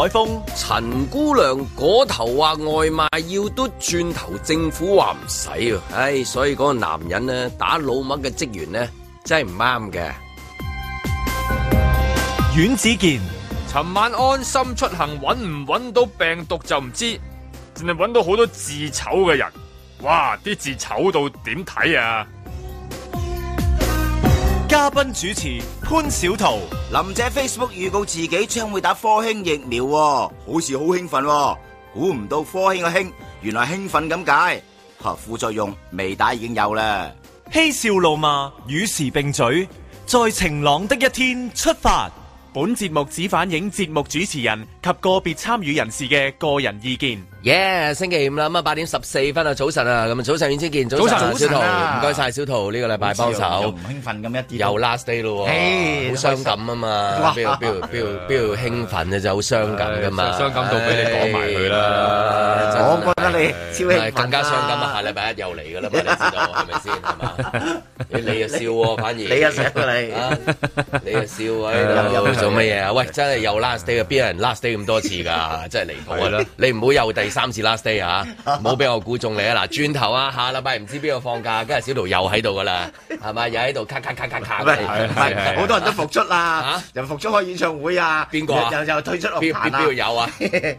海峰，陳姑娘嗰頭話外賣要都轉頭，政府話唔使，啊。唉，所以嗰個男人呢，打老麥嘅職員呢，真係唔啱嘅。阮子健，尋晚安心出行，揾唔揾到病毒就唔知，淨係揾到好多字醜嘅人，哇！啲字醜到點睇啊？嘉賓主持潘小桃，林姐 Facebook 預告自己將會打科興疫苗，好似好興奮，估唔到科興嘅興，原來興奮咁解吓。副作用未打已經有啦，嬉笑怒罵與時並嘴，在晴朗的一天出發。本節目只反映節目主持人及個別參與人士嘅個人意見。.耶！星期五啦，咁啊八點十四分啊，早晨啊，咁啊早晨尹千健，早晨小圖，唔該晒小圖呢個禮拜幫手，又興奮咁一啲，又 last day 咯，好傷感啊嘛，邊度邊度邊度邊度興奮啊，就好傷感噶嘛，傷感到俾你講埋佢啦，我覺得你，係更加傷感啊，下禮拜一又嚟噶啦嘛，你知道係咪先係嘛？你又笑喎，反而你又笑啊你，你又笑喎，做乜嘢啊？喂，真係又 last day 啊，邊有人 last day 咁多次噶？真係離譜啦，你唔好又第。三次 last day 唔好俾我估中你啊！嗱，轉頭啊，下禮拜唔知邊個放假，今日小桃又喺度噶啦，係咪？又喺度，咔咔咔咔咔。好多人都復出啦，啊，又復出開演唱會啊！邊個又又退出樂壇邊邊邊有啊？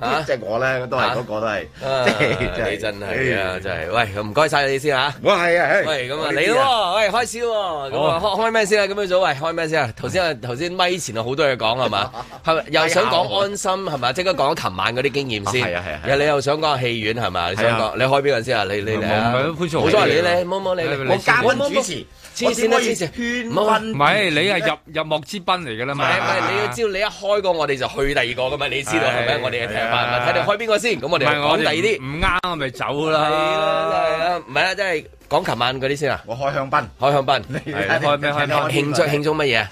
啊即係我咧，都係嗰個都係，真係你真係啊！真係，喂，唔該晒你先嚇。係啊，喂，咁啊嚟咯，喂，開始喎。咁開開咩先啊？咁樣做！喂，開咩先啊？頭先啊，頭先咪前好多嘢講係嘛？咪又想講安心係咪？即刻講琴晚嗰啲經驗先。啊你我想講戲院係咪啊？你想講你開邊個先啊？你你你啊！好心話你嚟，摸你你，我監管主持。我先先，圈唔係你係入入幕之賓嚟嘅啦嘛。唔、啊、係你要知道你一開個我哋就去第二個㗎嘛，你知道係咪、啊？我哋睇下，睇、啊、你開邊個先。咁我哋講第二啲，唔啱我咪走啦。係啊，唔係啊，真係講琴晚嗰啲先啊。我開香檳，開香檳，你咩、啊、開？慶祝慶祝乜嘢啊？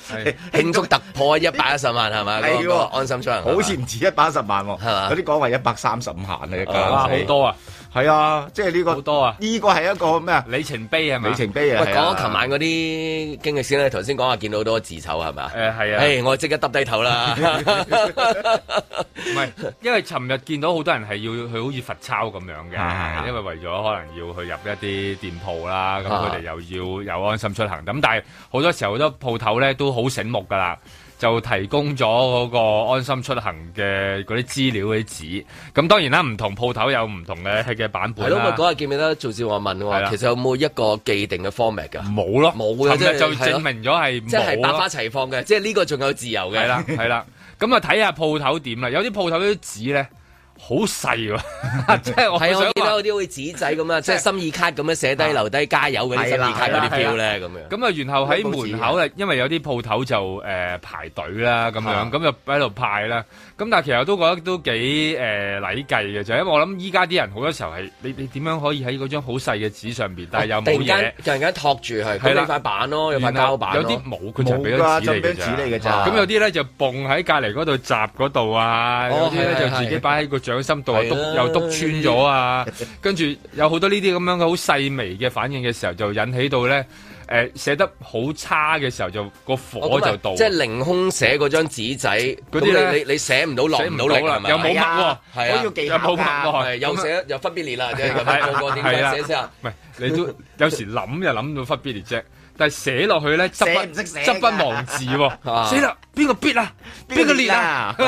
慶祝突破一百一十萬係咪？喎， 那個 那個、安心好似唔止一百一十萬喎，係、啊、嘛？啲講話一百三十五萬好多啊！係啊，即係呢、呢個好多啊！呢個係一個咩啊？里程碑啊，係咪？里程碑啊！喂，講琴、啊、晚嗰啲經歷先啦。頭先講下，見到好多字醜係咪？誒係、呃、啊！Hey, 我即刻揼低頭啦、啊！唔係、啊， 因為尋日見到好多人係要去好似罰抄咁樣嘅、啊，因為為咗可能要去入一啲店鋪啦，咁佢哋又要有安心出行。咁、啊、但係好多時候，好多鋪頭咧都好醒目噶啦。就提供咗嗰個安心出行嘅嗰啲資料啲紙，咁當然啦，唔同鋪頭有唔同嘅嘅版本啦。係 咯，我嗰日見到都做自我問我其實有冇一個既定嘅 format 㗎？冇咯，冇嘅，即係就證明咗係即係百花齊放嘅，即係呢個仲有自由嘅。係啦，係 啦，咁啊，睇下鋪頭點啦，有啲鋪頭啲紙咧。好細喎，即 係我，我記得有啲會紙仔咁樣，就是、即係心意卡咁樣寫低留低加油嗰啲心意卡嗰啲票咧，咁樣。咁啊，然後喺門口咧，因為有啲鋪頭就誒、呃、排隊啦，咁樣，咁就喺度派啦。咁但係其實我都覺得都幾誒、呃、禮計嘅，就因為我諗依家啲人好多時候係你你，點樣可以喺嗰張好細嘅紙上面，但係又冇嘢，突然間托住係佢呢塊板咯，有塊膠板有啲冇佢就俾咗紙嚟嘅咋，咁有啲咧就蹦喺隔離嗰度閘嗰度啊，有啲咧就、啊哦、就自己擺喺個掌心度又篤又篤穿咗啊， 跟住有好多呢啲咁樣嘅好細微嘅反應嘅時候，就引起到咧。誒，寫得好差嘅時候就個火就到，即係凌空寫嗰張紙仔，嗰啲你你寫唔到落，寫唔到落，又冇墨，係啊，又冇墨，係又寫又忽必烈啦，係啊，係啊，唔係你都有時諗又諗到忽必烈啫，但係寫落去咧，執筆唔識寫，執筆忘字，死啦，邊個必啊，邊個烈啊，咁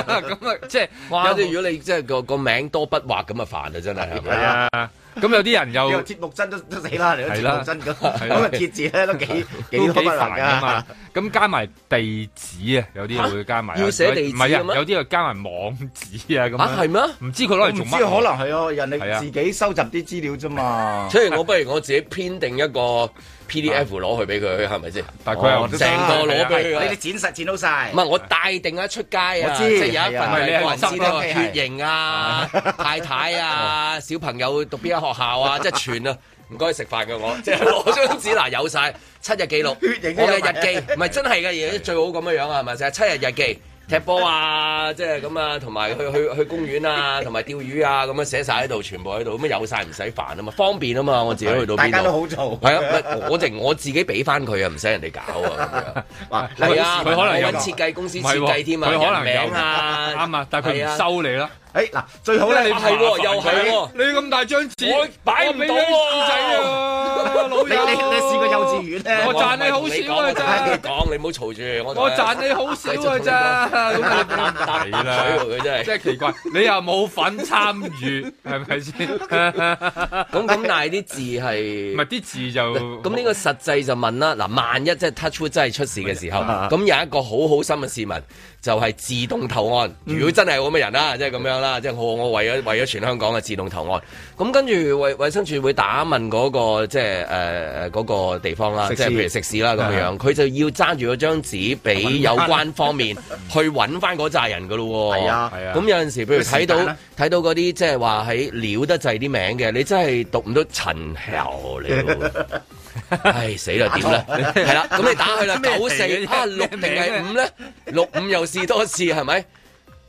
啊，即係哇如果你即係個個名多筆畫咁啊煩啊，真係係啊？咁有啲人又節目真都都死啦，你都節目真咁咁個貼字咧都幾幾難噶嘛？咁加埋地址啊，有啲會加埋，要寫地址，唔係啊，有啲又加埋網址啊咁。嚇係咩？唔知佢攞嚟做乜？唔知可能係哦，人哋自己收集啲資料啫嘛。所以我不如我自己編定一個。PDF 攞去俾佢，係咪先？大概我成個攞俾佢，你啲展實剪到晒，唔係我帶定啊出街啊，即係有一份你係身份血型啊，太太啊，小朋友讀邊間學校啊，即係全啊。唔該食飯嘅我，即係攞張紙嗱有晒。七日記錄，我嘅日記，唔係真係嘅嘢，最好咁嘅樣啊，係咪？成日七日日記。踢波啊，即係咁啊，同埋去去去公園啊，同埋釣魚啊，咁樣寫晒喺度，全部喺度，咁樣有晒唔使煩啊嘛，方便啊嘛，我自己去到邊度，都好做，啊，係我淨我自己俾翻佢啊，唔使人哋搞啊咁樣。係 啊，佢可能揾設計公司設計添啊，啊可能人名啊，啱 啊，但佢唔收你啦。 誒、哎，嗱最好咧，又係喎，你咁大張紙擺唔到喎，啊，老友，你你你試過幼稚園咧？我賺你，你、啊、你，你，你好少啊，真、哎。講你唔好嘈住我。我賺你好少啊，真、哎。咁啊，得得得，佢真係。真係 奇怪，你又冇份參與，係咪先？咁咁但係啲字係，唔係啲字就是。咁呢個實際就問啦，嗱，萬一即係 touch wood 真係出事嘅時候，咁，啊、有一個好好心嘅市民。就係、是，自動投案，如果真係咁嘅人啦，即係咁樣啦，即係我我為咗為咗全香港嘅自動投案，咁跟住衞衞生署會打問嗰、嗰個即係誒嗰個地方啦，即係譬如食肆啦咁樣，佢就要揸住嗰張紙俾有關方面去揾翻嗰扎人噶咯喎。係啊，係啊。咁有陣時，譬如睇到睇到嗰啲即係話喺了得滯啲名嘅，你真係讀唔到陳牛嚟。 唉，死啦點咧？係啦，咁 你打佢啦，九四啊六定係五咧，六五又試多次係咪？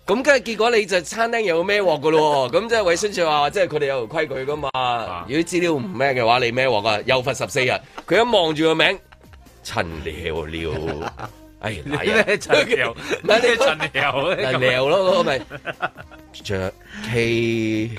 咁跟住結果你就餐廳、 就是、又有咩鑊噶咯？咁即係衛生署話，即係佢哋有條規矩噶嘛。如果資料唔咩嘅話，你咩鑊㗎？又罰十四日。佢一望住、 哎、 個，個名陳了了，哎呀，陳了，嗱你陳了，陳了咯咪張其。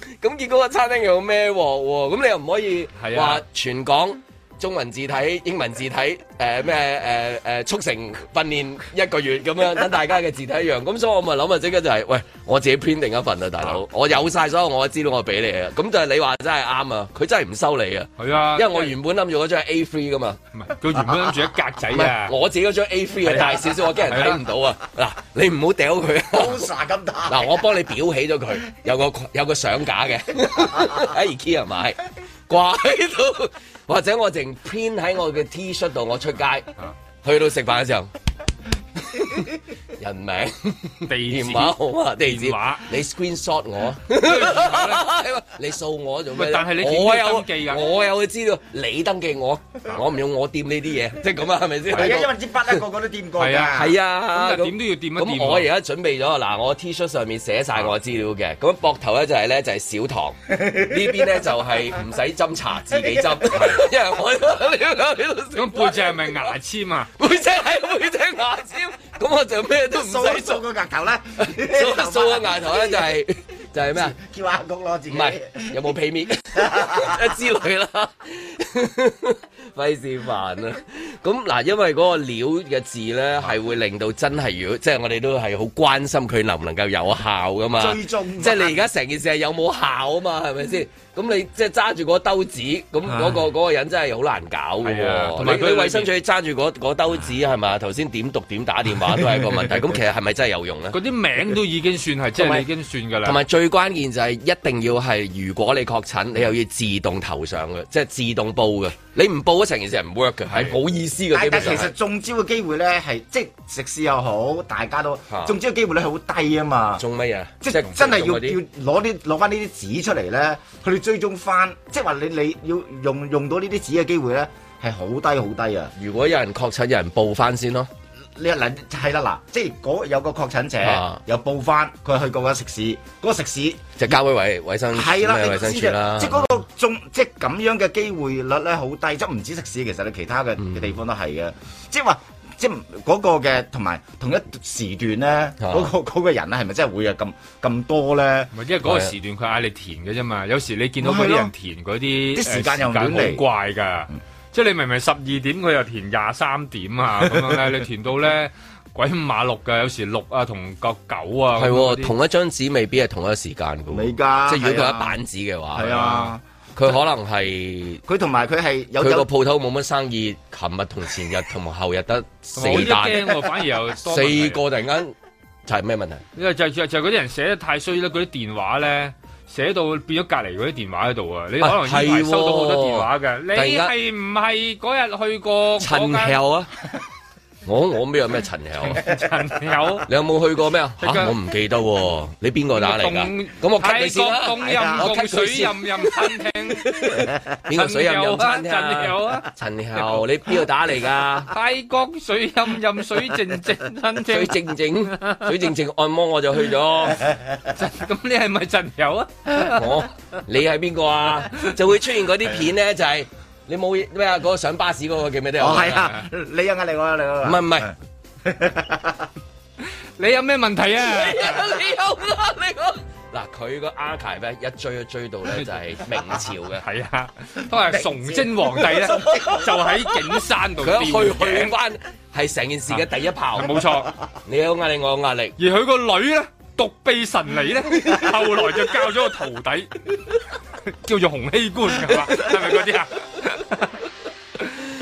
咁結果嗰個餐廳又有咩鑊？咁你又唔可以話全港。中文字體、英文字體，誒咩誒誒速成訓練一個月咁樣，等大家嘅字體一樣。咁所以我咪諗啊，即刻就係、是，喂，我自己 print 定一份啊，大佬，我有晒所有我嘅資料我俾你，我都知道，我俾你啊。咁就係你話真係啱啊，佢真係唔收你啊。係啊，因為我原本諗住嗰張 A3 㗎嘛，佢原本諗住一格仔我自己嗰張 A3 啊，大少少，我驚人睇唔到啊。嗱，你唔好掉佢。o s 咁嗱，我幫你裱起咗佢，有個有個相架嘅。key 掛喺度，或者我淨編喺我嘅 T 恤度，我出街，去到食飯嘅時候。 人名、地址 電話號碼、地址話，你 Screenshot 我， 你掃我做咩？但係你我有記噶，我有嘅資料，你登記我，啊、我唔用我掂呢啲嘢，即係咁啊，係咪先？係啊，因為支筆一個個都掂過嘅。係啊，係啊。咁點都要掂一掂。而我而家準備咗，嗱，我 T-shirt 上面寫晒我嘅資料嘅，咁膊頭咧就係咧就係、是、小唐，呢 邊咧就係唔使斟茶自己針，因為我呢度呢度。咁背脊係咪牙籤啊？ 背脊係背脊牙籤，咁我做咩？都唔使掃個額頭啦，掃掃個額頭咧就係就係咩啊？叫阿公囉，自己，唔係有冇屁面一之類啦，費事煩啦。咁嗱，因為嗰個料嘅字咧，係會令到真係如果即係我哋都係好關心佢能唔能夠有效噶嘛？追蹤，即係你而家成件事係有冇效啊嘛？係咪先？咁你即係揸住嗰兜紙，咁嗰、那個嗰個人真係好難搞喎。同埋佢衛生署揸住嗰兜紙係咪？頭先點讀點打電話都係個問題。咁 其實係咪真係有用咧？嗰啲名都已經算係，即係、就是、已經算噶啦。同埋最關鍵就係、是、一定要係，如果你確診，你又要自動投上嘅，即、就、係、是、自動報嘅。你唔報一成件事係唔 work 嘅，係冇意思嘅。但係其實中招嘅機會咧係即係食肆又好，大家都、啊、中招嘅機會率好低啊嘛。中乜嘢？即係真係要要攞啲攞翻呢啲紙出嚟咧，追蹤翻，即係話你你要用用到這些紙的呢啲紙嘅機會咧，係好低好低啊！如果有人確診，有人先報翻先咯。呢啊，嗱係啦，嗱，即係嗰有個確診者又報翻，佢去過個食肆，嗰個食肆就交俾衛衛生，係啦，衛生署即係嗰個仲，即係、嗰、咁、個嗯嗰個、樣嘅機會率咧，好低，即唔止食肆，其實你其他嘅嘅地方都係嘅。即係話。即係嗰個嘅同埋同一時段咧，嗰、啊嗰個嗰個人咧係咪真係會有咁咁多咧？唔係因為嗰個時段佢嗌你填嘅啫嘛，有時你見到嗰啲人填嗰啲時,時間又亂怪㗎。即係你明明十二點佢又填廿三點啊，咁 樣咧你填到咧鬼五馬六㗎，有時六啊同個九,九啊係同一張紙未必係同一時間㗎。即係如果佢一板紙嘅話，啊。佢可能係佢同埋佢係有佢個鋪頭冇乜生意，琴日同前日同後日得四單， 哦、反而又四個突然間就係、是、咩問題？就係、是、就嗰、是、啲人寫得太衰啦，嗰啲電話咧寫到變咗隔籬嗰啲電話喺度啊！你可能呢排收到好多電話嘅、啊哦，你係唔係嗰日去過陳、那、孝、個、啊？ 哦、我我咩有咩陳友？陳友，你有冇去過咩啊？吓，我唔記得喎、啊。你邊個打嚟㗎？咁、啊、泰國貢任水任任餐廳，邊 個水任任餐廳啊？陳友、啊陳友啊，你邊度打嚟㗎？泰國水任任水靜靜餐廳，水靜靜水靜靜按摩我就去咗。咁 你係咪陳友啊？我、哦，你係邊個啊？就會出現嗰啲片咧，就係、是。你冇咩啊？嗰、嗰個上巴士嗰、嗰個叫咩名啊？我係啊，你有壓力，我有壓力。唔係唔係，你有咩 問題啊？ 你有壓力我，我嗱佢個 archive 咧，一追一追到咧，就係明朝嘅。係啊，都係崇禎皇帝咧， 就喺景山度。 佢去去翻係成件事嘅第一炮，冇、啊、錯。錯 你有壓力我，我有壓力。而佢個女咧，獨臂神尼咧， 後來就教咗個徒弟， 叫做洪熙官，係咪嗰啲啊？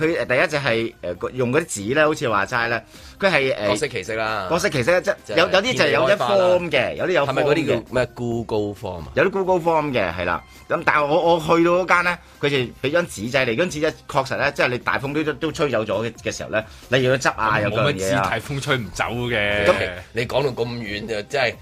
佢第一隻係誒用嗰啲紙咧，好似話齋咧，佢係誒各色其色啦，各色其色即係有有啲就係有一 form 嘅，有啲有係咪嗰啲叫咩 Google form？有啲 Google form 嘅係啦，咁但係我我去到嗰間咧，佢就俾張紙仔嚟，張紙仔確實咧，即係你大風都都吹走咗嘅時候咧，你要果執啊，有個嘢啊，大風吹唔走嘅，咁你講到咁遠就真係。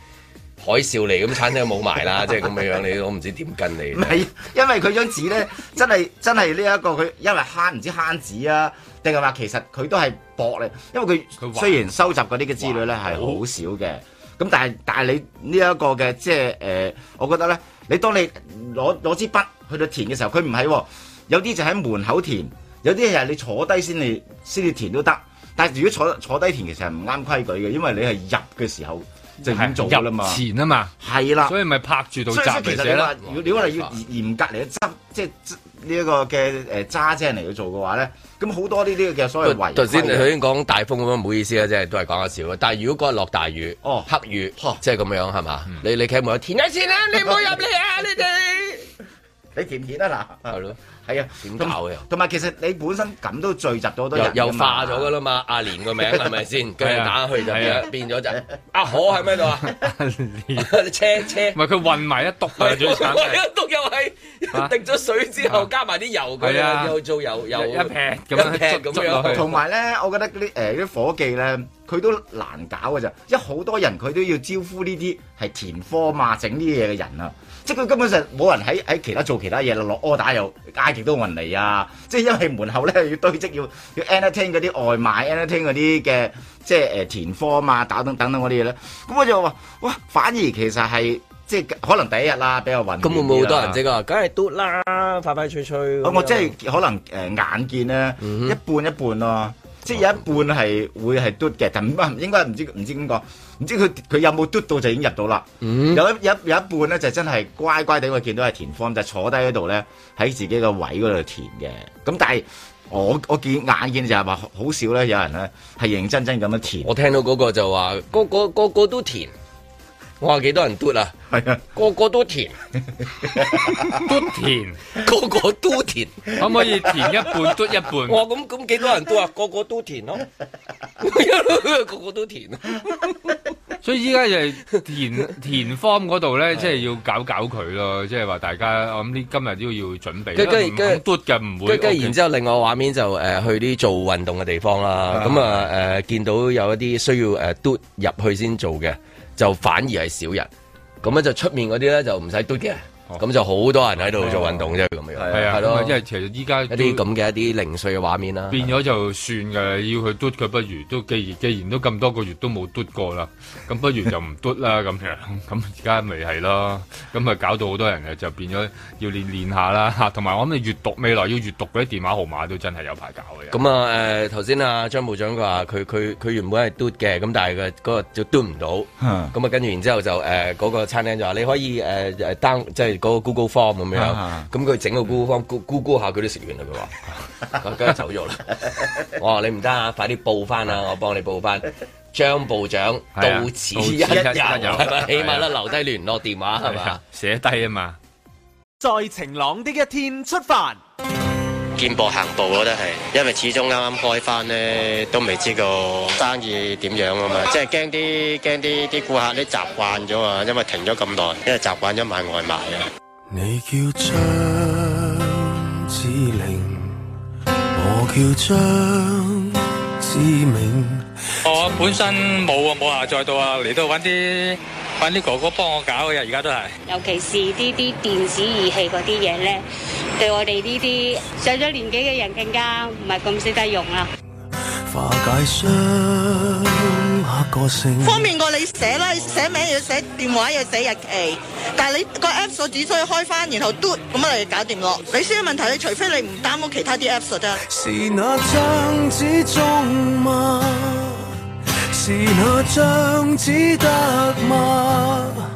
海嘯嚟咁，餐廳冇埋啦，即係咁嘅樣。你我唔知點跟你。唔係，因為佢張紙咧， 真係真係呢一個佢、啊，因為慳唔知慳紙啊，定係話其實佢都係薄咧。因為佢雖然收集嗰啲嘅資料咧係好少嘅，咁但係但係你呢一個嘅即係誒，我覺得咧，你當你攞攞支筆去到填嘅時候，佢唔喺喎，有啲就喺門口填，有啲係你坐低先至先至填都得。但係如果坐坐低填其實係唔啱規矩嘅，因為你係入嘅時候。就咁做啦嘛，入前啊嘛，係啦，所以咪拍住到執住，其實你話如果你話要嚴嚴格嚟去執，即係呢一個嘅誒揸車嚟去做嘅話咧，咁好多呢啲嘅所謂違規。頭先你頭先講大風咁啊，唔好意思啊，即係都係講下笑。但係如果嗰日落大雨，哦，黑雨，即係咁樣係嘛，啊嗯？你你企門口填一先啦，你唔好入嚟啊！你 哋你填唔，啊、 填得嗱，啊？係咯。係啊，點搞嘅又，同埋其實你本身咁都聚集咗好多人，又又化咗噶啦嘛，阿連個名係咪先？佢 不是 打下去就變咗就阿可喺咩度啊？ 車車唔係佢混埋一毒，佢 所以，一 毒又係是 滴咗水之後 加埋啲油，佢、 啊、又做油又、啊、一撇咁樣。同埋咧，有呢 我覺得嗰啲誒啲伙計咧，佢都難搞咋。因為好多人，佢都要招呼呢啲係填科嘛整呢啲嘢嘅人啊。即佢根本上冇人喺喺其他做其他嘢，落柯打又挨極都冇人嚟啊！即因為門口咧要堆積，要要 entertain 嗰啲外賣 entertain 嗰啲嘅即誒填科啊嘛，等等等等嗰啲嘢咧，咁我就話：哇，反而其實係即可能第一日啦比較運。咁會唔會好多人接啊？梗係嘟啦，快快脆脆。啊！我即係可能誒眼見咧、嗯，一半一半咯、啊。即有一半係會係嘟嘅，咁應該唔知唔知點講，唔知佢佢有冇嘟到就已經入到啦、嗯。有一有一一半咧就真係乖乖地、會，我見到係填方就坐低喺度咧，喺自己個位嗰度填嘅。咁但係我我見眼見就係話好少咧，有人咧係認真真咁樣填。我聽到嗰個就話個個個個都填。我話幾多人嘟 o 啦？係啊，個個都填嘟填， 填，填，個個都填，可唔可以填一半嘟一半？咁咁幾多人嘟 o 啊？個個都填咯、啊，一 路個個都填、啊。 所以依家就係填填方嗰度咧，即、就、係、是、要搞搞佢咯，即係話大家，我諗啲今日都要準備。咁跟跟嘟嘅，唔會。Okay、然之後另外畫面就誒、呃、去啲做運動嘅地方啦。咁啊誒、呃、見到有一啲需要誒嘟入去先做嘅。就反而係少人，咁咧就出面嗰啲咧就唔使對嘅。咁、哦、就好多人喺度做運動啫，咁樣係啊，係咯，因為、啊、其實依家一啲咁嘅一啲零碎嘅畫面啦，變咗就算嘅，要去嘟佢不如都既既然都咁多個月都冇嘟過啦，咁不如就唔嘟啦咁樣，咁而家咪係咯，咁咪搞到好多人就變咗要練練下啦，同埋我諗你閲讀未來要閲讀嗰啲電話號碼都真係有排搞嘅。咁啊誒頭先啊張部長話佢佢佢原本係嘟嘅，咁但係個嗰個就嘟唔到，咁、嗯、啊跟住然之後就誒嗰、呃嗰個餐廳就話你可以誒誒、呃呃、單、即係。那個 Google Form 咁樣，咁佢整個 Google Form，、嗯、咕、咕咕咕下佢都食完啦。佢話，咁 啊走咗啦。我話你唔得，快啲報翻啦，我幫你報翻。張部長 到此一遊， 起碼都留低聯絡電話係嘛？寫 低啊嘛。再晴朗一的一天出發。見步行步，我都係，因為始終啱啱開翻咧，都未知個生意點樣啊嘛，即係驚啲驚啲啲顧客啲習慣咗啊，因為停咗咁耐，因為習慣咗買外賣啊。你叫張志玲，我叫張志明。我本身冇啊，冇下載到啊，嚟到揾啲。揾啲哥哥幫我搞嗰啲，而家都係。尤其是呢啲電子儀器嗰啲嘢咧，對我哋呢啲上咗年紀嘅人更加唔係咁識得用啦。方便過你寫啦，寫名要寫，電話要寫，日期。但係你個 Apps 就只需要開翻，然後嘟 o 咁咪搞掂咯。你先有問題，你除非你唔擔憂其他啲 Apps 是那張紙中得。我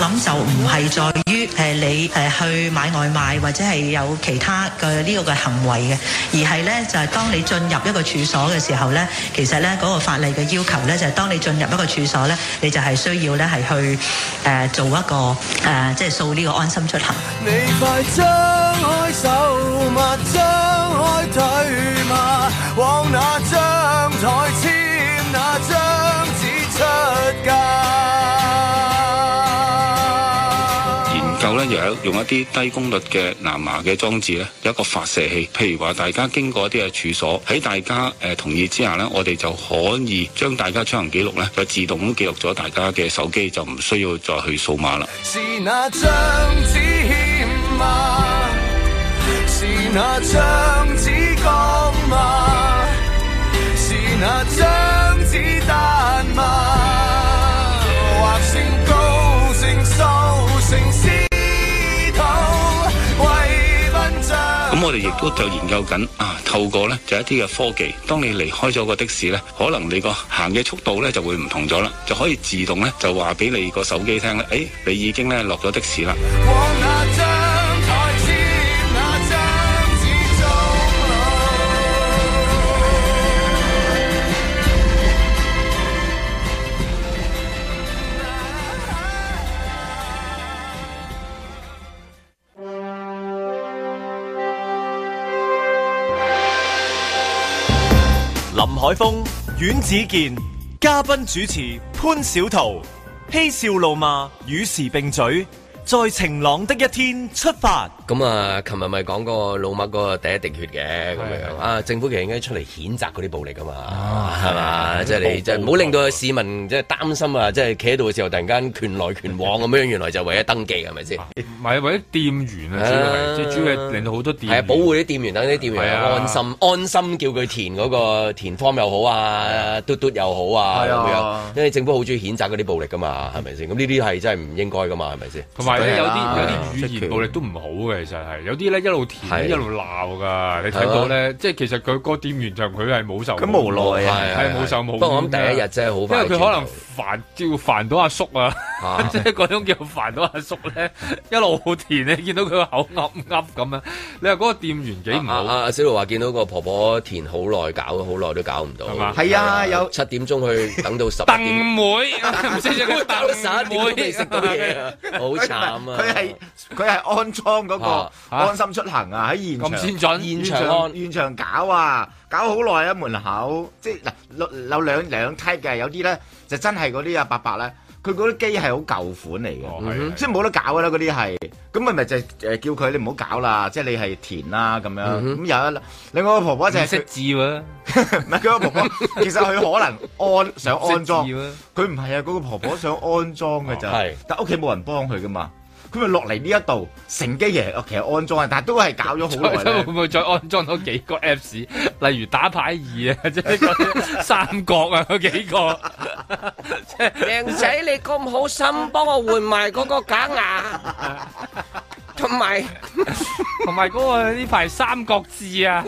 諗就唔係在於，誒你誒去買外賣或者係有其他嘅呢個嘅行為嘅，而係咧就係當你進入一個處所嘅時候咧，其實咧嗰個法例嘅要求咧就係當你進入一個處所咧，你就係需要咧係去誒做一個誒即係掃呢個安心出行。用一啲低功率嘅藍牙嘅裝置呢，有一個發射器。譬如話大家經過一啲嘅處所，喺大家誒同意之下呢，我哋就可以將大家出行記錄呢就自動咁記錄咗大家嘅手機，就唔需要再去掃碼啦。是那張紙欠嗎？是那張紙干嗎？是那張紙淡嗎？ 我哋亦都就研究緊啊，透過呢，就一啲嘅科技，當你離開咗個的士呢，可能你個行嘅速度呢就會唔同咗啦，就可以自動呢就話俾你個手機聽咧，誒、哎、你已經呢落咗的士啦。林海峰、阮子健，嘉賓主持潘小濤，嬉笑怒罵，與時並舉，在晴朗的一天出發。咁、嗯、啊，琴日咪講過老麥個第一滴血嘅咁樣啊，政府其實應該出嚟譴責嗰啲暴力噶嘛，係、啊、嘛？即係你即係唔好令到市民即係擔心啊！即係企喺度嘅時候，突然間拳來拳往咁 樣，原來就為咗登記係咪先？唔係為咗店員啊，主要主要令到好多店係啊，保護啲店員，等啲店員安心安心叫佢填嗰、那個、 個填 form 又好啊，嘟嘟又好啊咁樣，因為政府好中意譴責嗰啲暴力噶嘛，係咪先？咁呢啲係真係唔應該噶嘛，係咪先？同埋咧有啲有啲語言暴力都唔好嘅。其實係有啲咧一路填一路鬧噶你睇到咧，即係其實佢個店員就佢係冇受，咁無奈啊，係冇受冇。不過我諗第一日真係好，因為佢可能煩，煩煩到阿叔啊，即係嗰種叫煩到阿叔咧，一路填你見到佢個口噏噏咁樣。你話嗰個店員幾唔好啊？小、啊啊、路話見到個婆婆填好耐，搞好耐都搞唔到。係、就是、啊，有七點鐘去等到十。鄧妹，四隻半打，十一點都未食到嘢，好慘啊！佢係佢係安裝嗰。安心出行啊！喺現場現場現場搞啊，搞好耐啊！門口即係嗱，有兩兩 type 嘅，有啲咧就真係嗰啲啊，伯伯咧，佢嗰啲機係好舊款嚟嘅，即係冇得搞噶啦嗰啲係。咁咪咪就誒叫佢，你唔好搞啦，即係你係填啦咁樣。咁有一另外個婆婆就係識字喎，唔係嗰個婆婆，其實佢可能安想安裝，佢唔係啊，嗰個婆婆想安裝嘅就係，但屋企冇人幫佢噶嘛。佢咪，落嚟呢一度乘機嘅，其實安裝啊，但係都係搞咗好耐。會唔會再安裝多幾個 Apps？例如打牌二啊，即係三國啊，嗰幾個。靚仔，你咁好心幫我換埋嗰個假牙，同埋同埋嗰個呢排三國志啊，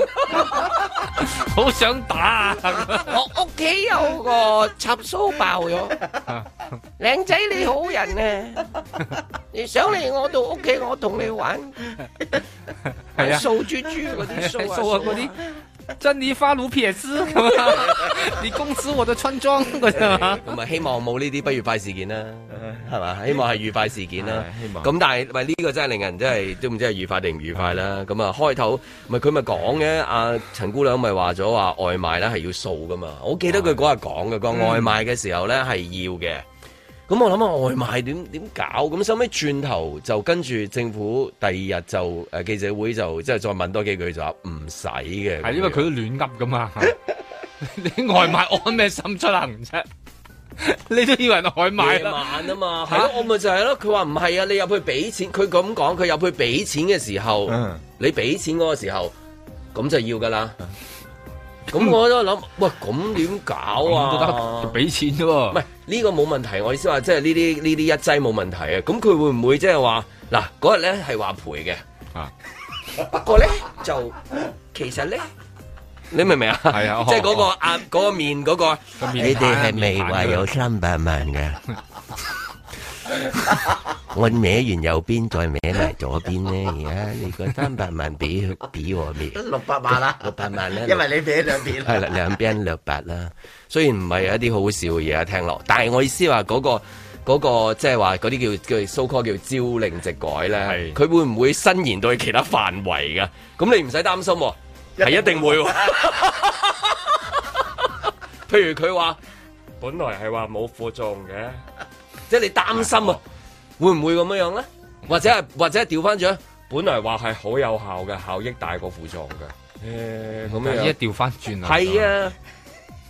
好想打啊！我屋企有個插蘇爆咗，靚仔你好人啊！你想嚟我度屋企，我同你玩，係 啊，掃豬豬嗰啲掃啊，嗰啲珍妮花魯撇斯， 你公司我都春裝嗰啲啊，咁 啊、哎，希望冇呢啲不愉快事件啦、啊，係嘛，希望係愉快事件啦，希望。咁、嗯、但係係呢個真係令人真係都唔知係愉快定唔愉快啦。咁啊開頭咪佢咪講嘅，阿陳姑娘咪話咗話外賣咧係要掃噶嘛，我記得佢嗰日講嘅，個外賣嘅時候咧係要嘅。嗯嗯。咁我諗下外賣點點搞，咁收尾轉頭就跟住政府第二日就誒記者會就即係再問多幾句就話唔使嘅，係因為佢都亂噏㗎嘛，你 外賣按咩心出行啫？ 你都以為外賣慢啊嘛吓？ 我咪就係咯，佢話唔係啊，你入去俾錢，佢咁講，佢入去俾錢嘅時候，嗯、你俾錢嗰個時候，咁就要噶啦。嗯咁、嗯、我都諗，喂！咁點搞啊？就俾錢啫喎。唔係呢個冇問題，我意思話即係呢啲呢啲一劑冇問題會會啊。咁佢會唔會即係話嗱嗰日咧係話賠嘅啊？不過咧就其實咧，你明唔明啊？係、那個、 啊，即係嗰個壓嗰個面嗰個、啊，你哋係未話有三百萬嘅？我歪完右邊再歪埋左邊咧，而家你個三百萬俾俾我咩六百萬啦，六百萬啦，因為你歪兩邊係啦，兩邊六百啦。雖然唔係有一啲好笑嘅嘢聽落，但係我意思話嗰個嗰個即係話嗰啲叫叫蘇科叫朝令夕改咧，佢會唔會伸延到其他範圍噶？咁你唔使擔心，係一定會。譬如佢話本來係話冇負重嘅。即係你擔心啊，會唔會咁樣樣咧？或者係或者係調翻轉，本來話係好有效嘅，效益大過副作用嘅。咁、欸、樣一調翻轉啊，係啊，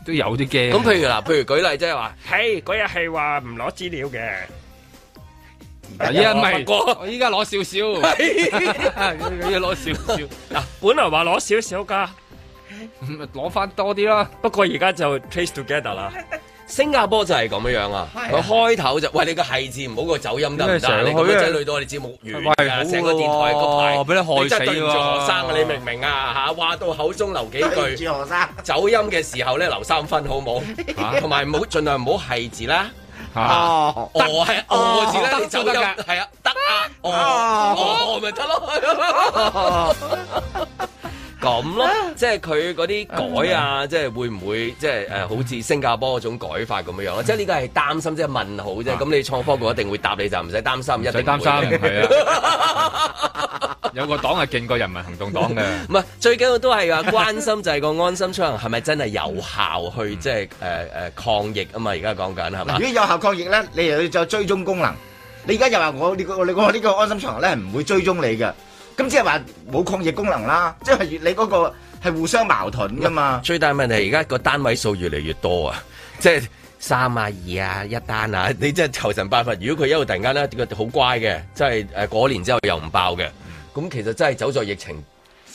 都有啲驚。咁譬如嗱，譬如舉例，即係話，係嗰日係話唔攞資料嘅，依家，咪過，我依家攞少少，依家攞少少。嗱，本來話攞少少噶，攞 翻多啲啦。不過而家就 pace together 啦。新加坡就係咁樣樣啊！佢開頭就喂你個係字唔好個走音得唔得，你個仔累到我哋節目完啊！成個電台個牌俾你害死喎！你對住學生啊，你明唔明啊？吓話到口中留幾句，對住學生走音嘅時候咧留三分好唔好？同埋唔好盡量唔好係字啦，吓哦係哦字咧走得噶係啊，得啊哦哦咪得咯。咁咯，即係佢嗰啲改啊，即係會唔會即係誒，好似新加坡嗰種改法咁樣樣咯？即係呢個係擔心，即係問號啫。咁、啊、你創科局一定會答你就，就唔使擔心，一定唔使擔心。係啊， 有個黨係勁過人民行動黨嘅。唔係，最緊要都係話，關心就係個安心出行係咪真係有效去、嗯、即係誒誒抗疫啊嘛？而家講緊係嘛？如果有效抗疫咧，你又要再追蹤功能？你而家又話我你、這個呢、這個呢、這個安心出行咧唔會追蹤你嘅？咁即係話冇抗疫功能啦，即係你嗰個係互相矛盾噶嘛。最大問題而家個單位數越嚟越多啊，即係三啊二啊一單啊，你真係求神拜佛。如果佢一路突然間咧，好乖嘅，即係誒過年之後又唔爆嘅，咁其實真係走在疫情。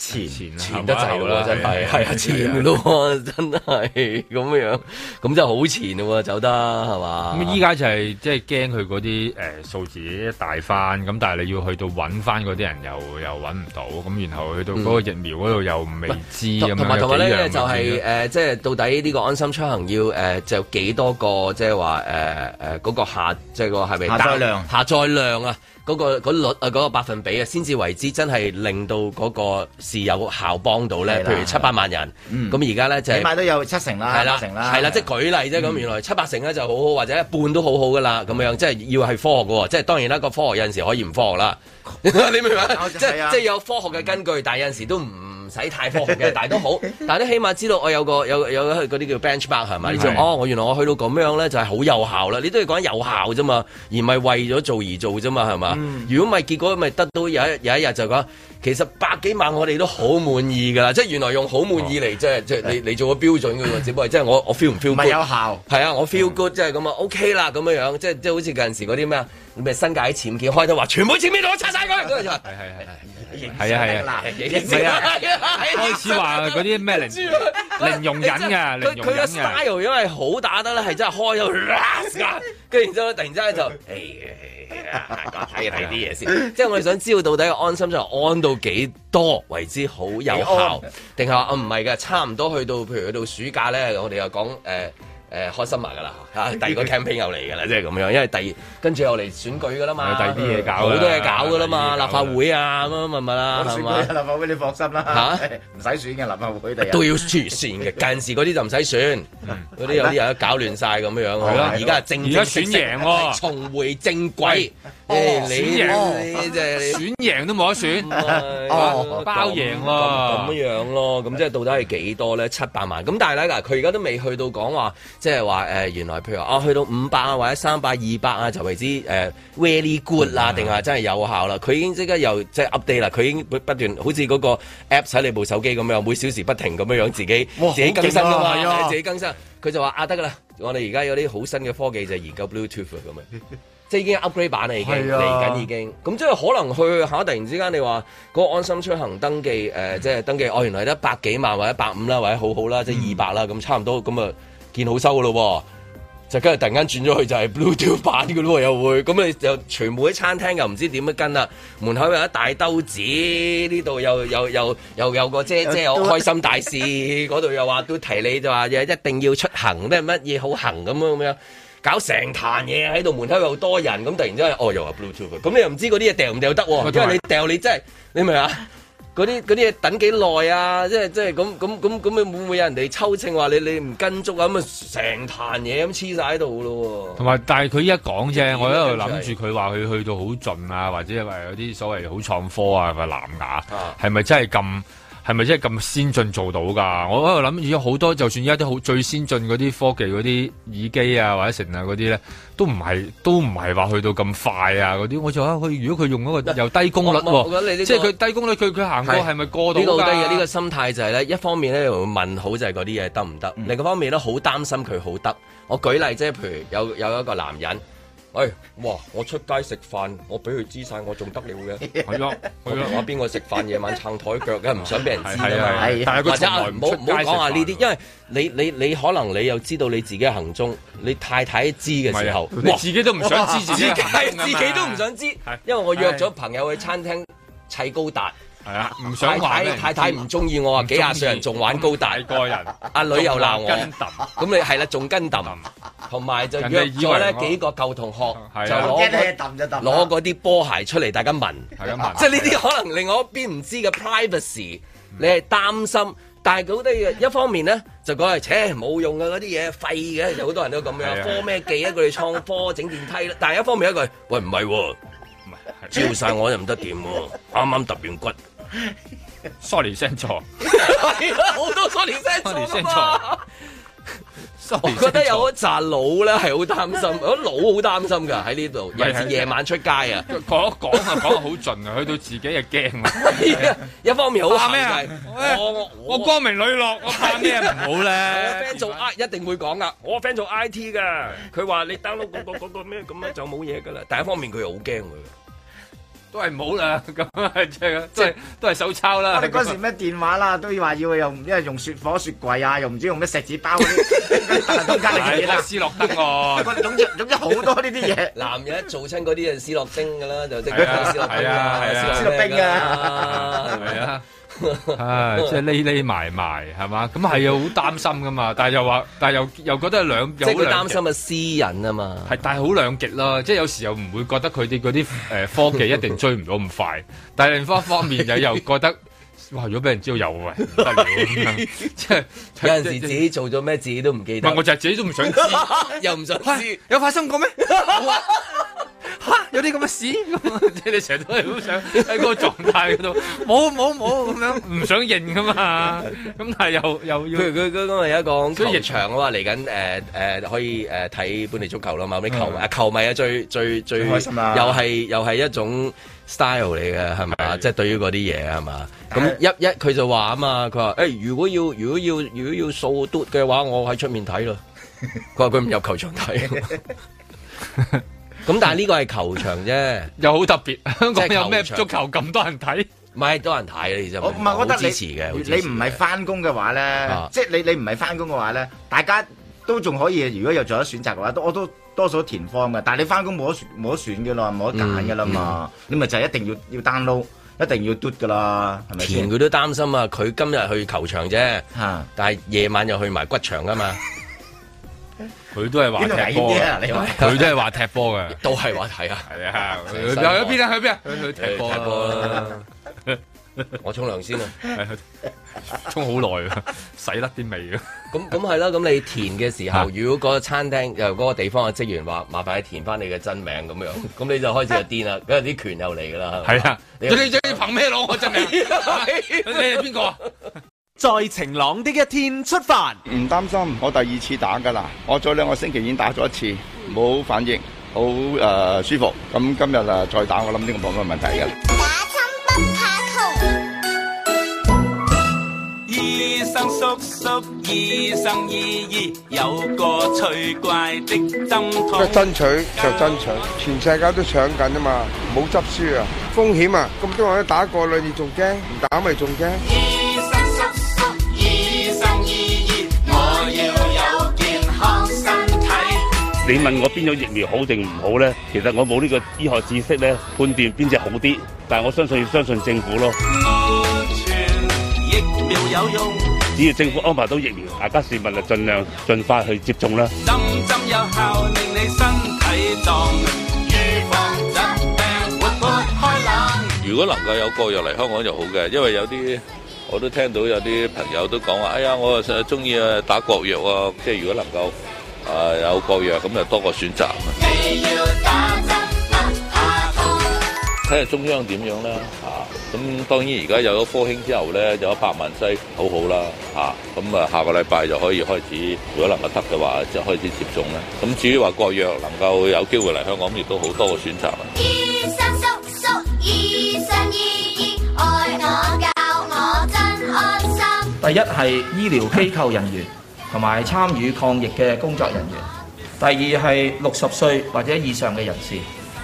錢錢得滯啦，真係係啊，錢嘅咯，真係咁樣，咁就好錢喎，走得係嘛？咁依家就係即係驚佢嗰啲誒數字大翻，咁但係你要去到搵翻嗰啲人又又搵唔到，咁然後去到嗰個疫苗嗰度又未知，咁同埋同埋咧就係、是、誒，即、呃、係到底呢個安心出行要誒、呃、就幾多個，即係話誒誒嗰個下即係、就是、個係咪下載量下載量啊？嗰、那個嗰、那個、率啊，嗰、那個、百分比啊，先至為之真係令到嗰個事有效幫到咧。譬如七百萬人，咁而家咧就起碼、是、都有七成啦，係啦，係啦，即係、就是、舉例啫。咁、嗯、原來七八成咧就好好，或者一半都好好噶啦。咁樣即係、嗯就是、要係科學㗎喎。即、就、係、是、當然啦，那個科學有陣時可以唔科學啦、嗯。你明唔明？即係即有科學嘅根據，嗯、但係有陣時都唔使太科學嘅， 但係都好。但係你起碼知道我有個有有嗰啲叫 benchmark 係咪？哦，我原來我去到咁樣咧，就係好有效啦。你都要講有效啫嘛，而唔係為咗做而做啫嘛，係嘛？嗯、如果唔係，結果咪得到有一有一日就講，其實百幾萬我哋都好滿意噶啦，即係原來用好滿意嚟即係即係嚟嚟做個標準嘅，只不過即係我我 feel 唔 feel？咪有效係啊，我 feel good 即係咁啊，OK 啦咁樣樣，okay、樣即係即係好似近陣時嗰啲咩啊咩新界僭建開頭話全部前面攞拆晒佢。 是說係啊係啊，係啊，啊，啊，啊，啊，啊，啊，開始話嗰啲咩零零容忍嘅，零容忍嘅佢佢個 style 因為好打得咧，係真係開到 last 噶，跟 住然之後咧，突然之間就大家睇睇啲嘢先。即係我哋想知道到底安心就安到幾多為之好有效？定、yeah, 係話啊唔係嘅，差唔多去到譬如去到暑假咧，我哋又講誒。呃誒開心埋㗎啦第二個 campaign 又嚟㗎啦，即係咁樣，因為第二跟住又嚟選舉㗎啦嘛，第二啲嘢搞好多嘢搞㗎啦嘛，立法會啊咁啊啦，係、嗯、嘛、嗯？選舉立法會你放心啦，唔、啊、使選嘅立法會、啊，都要出選嘅，近時嗰啲就唔使選，嗰 啲有啲人搞亂晒咁樣樣。而、哦、家正政治選贏、啊，而家重回正軌。你贏、哦欸哦，你即選、啊啊、選贏都冇得選，哦、包贏喎、啊。咁樣、樣咯，咁即係到底係幾多咧？七百萬。咁但係嗱，佢而家都未去到講話。即係話誒，原來譬如話、啊、去到五百啊，或者三百、二百啊，就為之誒、呃、really good 啦、啊，定係真係有效啦。佢、yeah. 已經即刻又即係、就是、update 啦。佢已經不斷好似嗰個 app 喺你部手機咁樣，每小時不停咁樣樣自己自己更新、啊、自己更新。佢就話啊，得、㗎、啦、啊，我哋而家有啲好新嘅科技 就研究 Bluetooth 咁樣即係已經 upgrade 版嚟嚟緊已經咁，啊、即係可能去下、啊、突然之間你，你、那、話個安心出行登記誒，即、呃、係、就是、登記哦，原來得百幾萬或者百五啦，或者, 150, 或者好好啦，即係二百啦，咁差唔多咁啊。見好收嘅咯，就跟住突然間轉咗去就係 Bluetooth 版嘅咯，又會咁你就全部喺餐廳又唔知點樣跟啦，門口又一大兜子，呢度又又又又有個姐姐，即我開心大師嗰度又話都提你話一定要出行咩乜嘢好行咁樣搞成壇嘢喺度，門口又好多人，咁突然之間哦又話 Bluetooth，咁你又唔知嗰啲嘢掉唔掉得，即 係你掉你真係你明啊？嗰啲嗰啲嘢等幾耐啊！即係即係咁咁咁咁，會唔會有人哋抽秤話你你唔跟足啊？咁啊成壇嘢咁黐晒喺度咯同埋，但係佢依家講啫，我喺度諗住佢話佢去到好盡啊，或者係話有啲所謂好創科啊，係咪藍牙係咪真係咁？係咪真係咁先進做到噶？我喺度諗，而家好多，就算而家啲好最先進嗰啲科技嗰啲耳機啊，或者成啊嗰啲咧，都唔係都唔係話去到咁快啊嗰啲。我就話，如果佢用嗰個又低功率即係佢低功率，佢佢、這個、行過係咪過到㗎？呢個呢個心態就係、是、咧，一方面咧你會問好就係嗰啲嘢得唔得？另一方面咧好擔心佢好得。我舉例即係譬如有有一個男人。喂、哎，哇！我出街食飯，我俾佢知晒，我仲得了嘅。係咯， 我話邊個食飯夜晚撐台腳梗係唔想俾人知啊嘛。係 但係佢真係唔出街。唔好唔好講下呢啲， 因為你你你可能你又知道你自己行蹤， 你太太知嘅時候，啊、哇你自己都唔想知自己，自己， 自己都唔想知。 因為我約咗朋友去餐廳砌高達。係啊，唔想玩。太太唔中意我啊，幾廿歲人仲玩高達。個人，阿女又鬧我，咁你係啦，仲跟揼。同埋就約咗咧幾個舊同學，就攞嗰啲波鞋出嚟，大家聞，即係呢啲可能另外一邊唔知嘅 privacy，你係擔心，但係佢好得意，一方面呢，就講係，扯、哎、冇用嘅嗰啲嘢，廢嘅，好多人都咁樣，科咩技啊，佢哋創科整電梯。但係一方面一句，喂唔係，招晒我又唔得掂，啱啱揼完骨。sorry，send 錯，係啊，好多 sorry，send 錯啊，我覺得有一紮老咧係好擔心，我老好擔心噶喺呢度，尤其夜晚出街啊。講講啊，講得好盡啊，去到自己係驚啊。一方面好怕咩啊？我我光明磊落，我怕咩唔好咧？我 friend 做 I 一定會講噶，我 friend 做 I T 噶，佢話你 download 嗰個嗰個咩咁啊就冇嘢噶啦。第一方面佢又好驚佢。都係唔好啦，咁即係即係都係手抄啦。嗰陣時咩電話啦，都要話要用，因為用雪火雪櫃啊，又唔知用咩錫紙包嗰啲。係啊，斯洛登喎。總之總之好多呢啲嘢。男人做親嗰啲就斯洛登㗎啦，就係啦。係啊，係斯洛登啊。 啊。 係、啊，即係匿匿埋埋，係嘛？咁係又好擔心噶嘛？但係又話，但係又又覺得兩，即係擔心啊，私隱啊嘛。係，但係好兩極咯。即係有時又唔會覺得佢哋嗰啲誒科技一定追唔到咁快，但係另一方面又又覺得，哇！如果俾人知道有，喂唔得了。即係有陣時自己做咗咩，自己都唔記得。唔係，我就係自己都唔想知， 又唔想知、哎。有發生過咩？吓有啲咁嘅事，即 係你成日都係好想喺個狀態嗰度，冇冇冇咁樣，唔想認噶嘛。咁但係又又，譬如佢嗰個有一個，即係熱場啊嘛，嚟緊誒誒可以誒睇、呃、本地足球咯，後尾球、嗯、啊球迷啊最最最，最開心啦、啊，又係又係一種 style 嚟嘅係咪？即係對於嗰啲嘢係咪？咁一一佢就話啊嘛，佢話誒如果要如果要如果要掃嘟嘅話，我喺出面睇咯。佢話佢唔入球場睇。 咁但係呢個係球場啫， 又好特別。香、就、港、是、有咩足球咁多人睇？唔係多人睇啊，其實我唔係覺得你支持支持你唔係翻工嘅話咧，即、啊、係你你唔係翻工嘅話咧，大家都仲可以。如果有做咗選擇嘅話，都我都多數填方嘅。但係你翻工冇得冇得選嘅咯，冇得揀嘅啦嘛。嗯嗯、你咪就係一定要要 download，一定要 do 嘅啦，係咪？填佢都擔心啊！佢今日去球場啫，啊、但係夜晚又去埋骨場㗎嘛、啊。 佢都係話踢波，你佢都係話踢波嘅，都係話題啊！係 洗啊，去去邊啊？去邊啊？去去踢波啊！我沖涼先啊！沖好耐啊，洗甩啲味啊、嗯！咁咁係啦，咁你填嘅時候，啊、如果個餐廳又嗰個地方嘅職員話麻煩你填翻你嘅真名咁樣，咁你就開始就癲啦，咁啊啲拳又嚟啦！係啊，你你憑咩攞我真名？ 你係邊個、啊？在晴朗的一天出發，唔擔心，我第二次打噶啦，我早兩個星期已經打咗一次，冇反應，好誒、呃、舒服，咁今日啊再打，我諗呢個冇乜問題嘅。打針不怕痛，醫生叔叔，醫生姨姨，有個趣怪的針筒。即係爭取就爭取，全世界都搶緊啊嘛，冇執輸啊，風險啊，咁多人都打過啦，你仲驚？唔打咪仲驚？你問我邊種疫苗好定唔好咧？其實我冇呢個醫學知識咧，判斷邊隻好啲。但係我相信，相信政府咯。疫苗有用。只要政府安排到疫苗，大家市民就盡量盡快去接種啦。如果能夠有國藥嚟香港就好嘅，因為有啲我都聽到有啲朋友都講話，哎呀，我啊中意啊打國藥啊，即係如果能夠。誒、啊，有國藥咁就多個選擇啊！睇下中央點樣呢？吓、啊、咁當然而家有咗科興之後咧，有咗百萬劑好好啦，吓咁，啊下個禮拜就可以開始，如果能夠得嘅話，即係開始接種啦。咁至於話國藥能夠有機會嚟香港，亦都好多個選擇。醫生叔叔，叔醫生姨姨，愛我教我，真安心。第一醫療係醫療機構人員，同埋參與抗疫嘅工作人員，第二係六十歲或者以上嘅人士，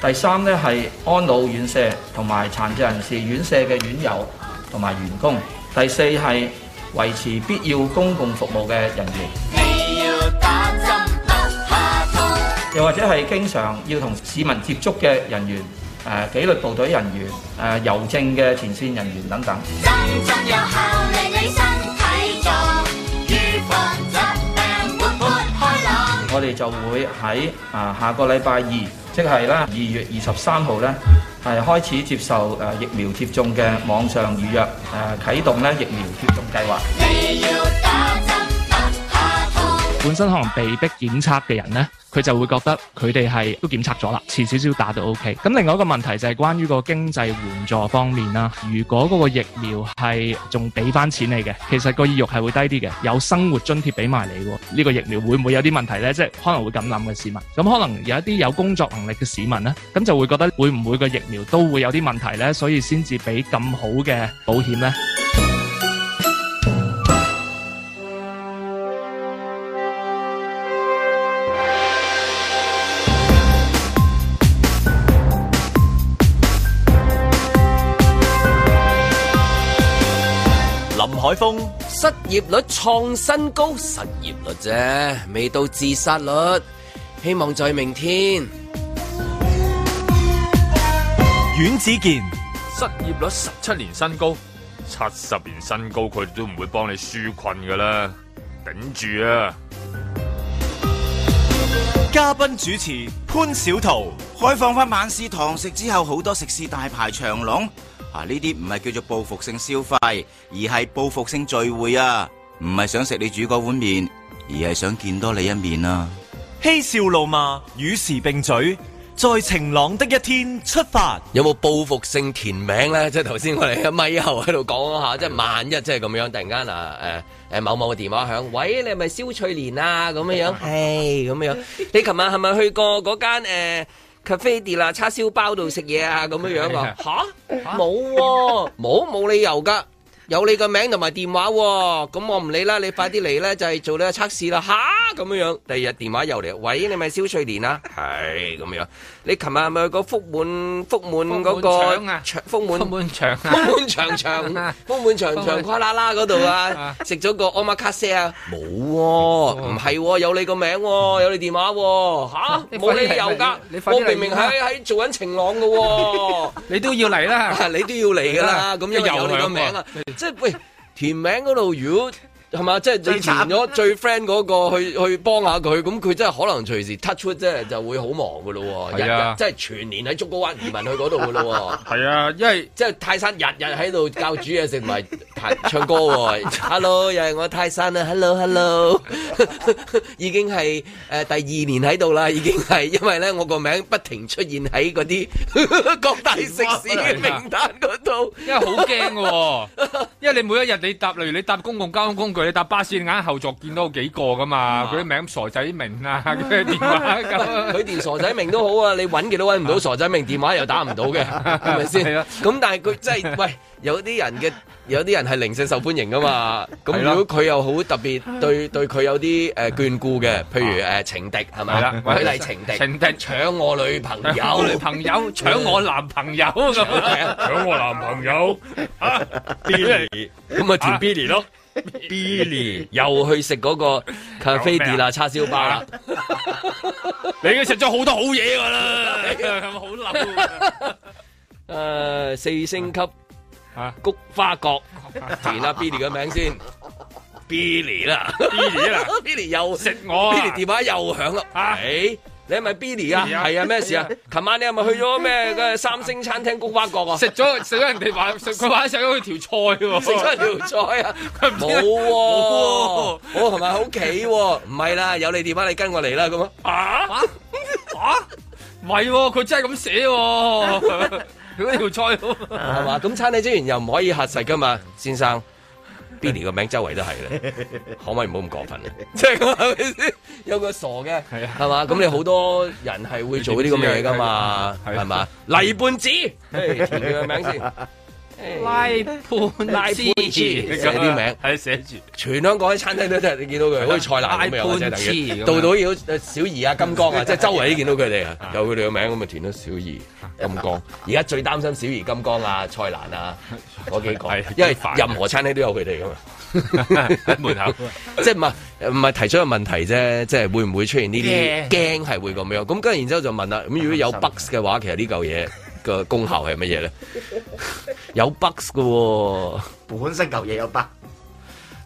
第三呢係安老院舍同埋殘疾人士院舍嘅院友同埋員工，第四係維持必要公共服務嘅人員，又或者係經常要同市民接觸嘅人員，誒紀律部隊人員，誒郵政嘅前線人員等等。我哋就會喺啊下個禮拜二，即係咧二月二十三號咧，係開始接受誒疫苗接種嘅網上預約誒，啟動咧疫苗接種計劃。你要打本身可能被逼檢測嘅人呢，佢就會覺得佢哋係都檢測咗啦，遲少少打都 OK。咁另外一個問題就係關於個經濟援助方面啦。如果嗰個疫苗係仲俾翻錢你嘅，其實個意欲係會低啲嘅，有生活津貼俾埋你喎。呢個疫苗會唔會有啲問題呢？即係可能會咁諗嘅市民。咁可能有一啲有工作能力嘅市民呢，咁就會覺得會唔會個疫苗都會有啲問題呢？所以先至俾咁好嘅保險呢。海峰，失業率創新高，失業率啫，未到自殺率。希望在明天。阮子健，失業率十七年新高，七十年新高，佢哋都唔會幫你紓困噶啦，頂住啊！嘉賓主持潘小桃，開放返晚市堂食之後，好多食肆大排長龍。啊！呢啲唔係叫做報復性消費，而係報復性聚會啊！唔係想食你煮嗰碗麵，而係想見多你一面啊！嬉笑怒罵，與時並嘴，在晴朗的一天出發。有冇報復性填名咧？即係頭先我哋阿米后喺度講下，即係萬一即係咁樣，突然間啊，誒誒某某嘅電話響，喂，你係咪肖翠蓮啊？咁樣樣係咁樣樣。哎、樣 你琴晚係咪去過嗰間誒？呃咖啡店啦，叉燒包度食嘢啊，咁樣樣喎吓？冇 喎，冇冇、啊、理由㗎。有你個名同埋電話、哦，咁我唔理啦，你快啲嚟咧，就係、是、做呢個測試啦，吓咁樣樣。第二日電話又嚟，喂，你咪蕭翠蓮啊？係 咁樣。你琴日咪個福滿福滿嗰個福滿福滿腸福滿場啊？福滿腸腸啊？福滿腸腸跨啦啦嗰度啊？食 咗個阿媽卡西啊？冇、啊，唔係、哦，有你個名、哦，有你電話、哦，吓冇理由噶，我明明喺喺做緊晴朗噶，你都要嚟啦，你都要嚟噶啦，咁又有你個名啊？即係喂，填名嗰度如係嘛，即係你揀咗最 friend 嗰個去去幫下佢，咁佢真係可能隨時 touch wood，就會好忙噶咯、啊啊。日日即係全年喺竹篙灣移民去嗰度噶咯。係啊，因為即係泰山日日喺度教煮嘢食同埋唱歌、啊。 Hello，又係我泰山啊！Hello，Hello，Hello. 已經係誒、呃、第二年喺度啦，已經係因為咧，我個名不停出現喺嗰啲各大食肆嘅名單嗰度、啊，因為好驚嘅，因為你每一日你搭，例如你搭公共交通工你搭巴士硬後座見到幾個噶嘛？佢啲名傻仔名啊，佢啲電話咁。佢填傻仔名都好啊，你搵極都搵唔到傻仔名，電話又打唔到嘅，係咪先？係啊。咁但係佢真係，喂，有啲人嘅，有啲人係零舍受歡迎噶嘛。係咯。咁如果佢又好特別，對對佢有啲誒眷顧嘅，譬如誒情敵係咪啦？舉例情敵。情敵搶我女朋友，女朋友搶我男朋友咁。搶我男朋友，Billy，咁咪填 Billy 咯。Billy 又去食嗰個咖啡店啦，叉燒包啦，你已經食咗好多好嘢噶啦，咁好諗。誒，四星級菊花角，填啦 Billy 嘅名先，Billy 啦，Billy 啦，Billy 又食我，Billy 電話又響咯，誒。你係咪 Billy 啊？係啊，咩事啊？琴晚你係咪去咗咩嘅三星餐廳菊花閣啊？食咗食咗，人哋話，食佢話食咗佢條菜，食咗條菜啊？冇喎，我琴日喺屋企喎，唔係啦，有你電話，你跟我嚟啦，咁啊啊啊，唔係，佢真係咁寫喎，食咗條菜，係嘛？咁餐廳職員又唔可以核實噶嘛，先生。Billy 個名周圍都係咧， 可唔可以唔好咁過分咧？即 係有個傻嘅，係啊，係 嘛？咁你好多人係會做啲咁嘅嘢噶嘛，係嘛？ 黎半伴子 hey, 填的，填佢個名先。拉潘拉潘啲名，係寫住全香港啲餐廳都你見到佢，好似蔡瀾又、就是、有小儀啊、金剛啊，即、嗯、係、就是、周圍都見到佢哋啊，有佢哋嘅名咁啊，填咗小儀、金剛。而家最擔心小儀、金剛啊、蔡瀾啊嗰幾個，因為任何餐廳都有佢哋噶嘛，喺、 啊、門口。即係唔係唔係提出個問題啫，即、就、係、是、會唔會出現呢啲驚係會咁樣？咁跟住然之後就問啦，咁如果有 box 嘅話，其實呢嚿嘢。Okay. 個功效係乜嘢咧？ 有 bugs 嘅喎，本身舊嘢有 bugs。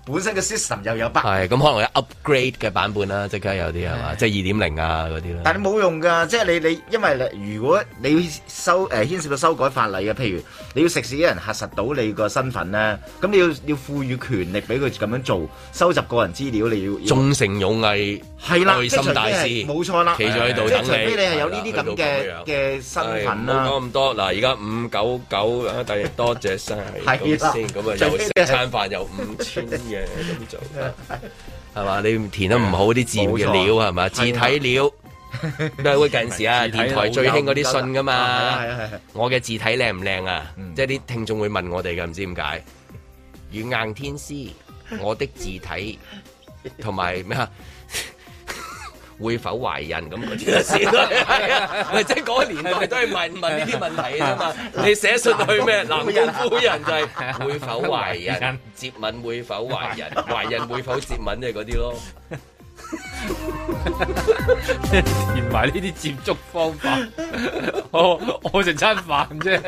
本身嘅 system 又有 bug，係咁可能有 upgrade 嘅版本啦，就是啊，即刻有啲係嘛，即係二點零啊嗰啲啦。但係你冇用噶即係你你，因為如果你要收誒牽、呃、涉到修改法例嘅，譬如你要食肆啲人核實到你個身份咧，咁你要你要賦予權力俾佢咁樣做，收集個人資料，你要忠誠勇毅，愛心大師，冇錯啦，企咗喺度等你。除非你係有呢啲咁嘅嘅身份那麼啦。咁多，嗱而家五九九啊，大多謝晒，先，咁啊又食餐飯又五千。 嘅 咁做，係嘛？你填得唔好啲字嘅料係嘛？字體料，都係會、啊欸、近時啊？ 的電台最興嗰啲信噶嘛？係係係！我嘅字體靚唔靚啊？即係啲聽眾會問我哋噶，唔知點解軟硬天師，我的字體同埋咩啊？嗯會否懷孕咁嗰啲事都係啊，即係嗰年代係咪都係問問呢啲問題嘅啫嘛？你寫信去咩？南宮夫人就係會否懷孕、接吻會否懷孕、懷孕會否接吻就係嗰啲咯，填埋呢啲接觸方法。我我食餐飯啫，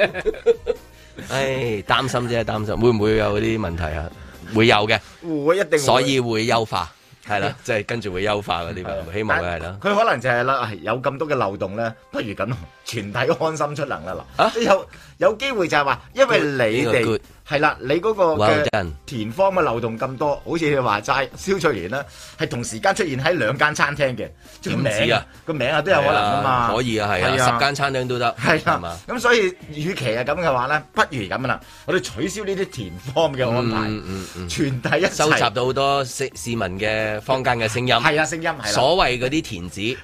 唉，擔心啫，擔心會唔會有嗰啲問題啊？會有嘅，會一定，所以會優化。係 啦，即係跟住會優化嗰啲，希望嘅係啦。佢可能就係啦，有咁多嘅漏洞咧，不如咁。全體安心出行啦，嗱、啊，有有機會就係話，因為你哋係啦，你嗰個的田方嘅漏洞咁多，好、well、似你話齋蕭翠蓮啦，係同時間出現喺兩間餐廳嘅，個名字啊，個名啊都有可能嘛是啊嘛，可以啊，係啊，十間餐廳都得，係啊，咁、啊、所以，與其係咁嘅話咧，不如咁啦，我哋取消呢啲田方嘅安排、嗯嗯嗯，全體一齊收集到好多市民嘅坊間嘅聲音，係啊，啊，聲音係、啊，所謂嗰啲田子。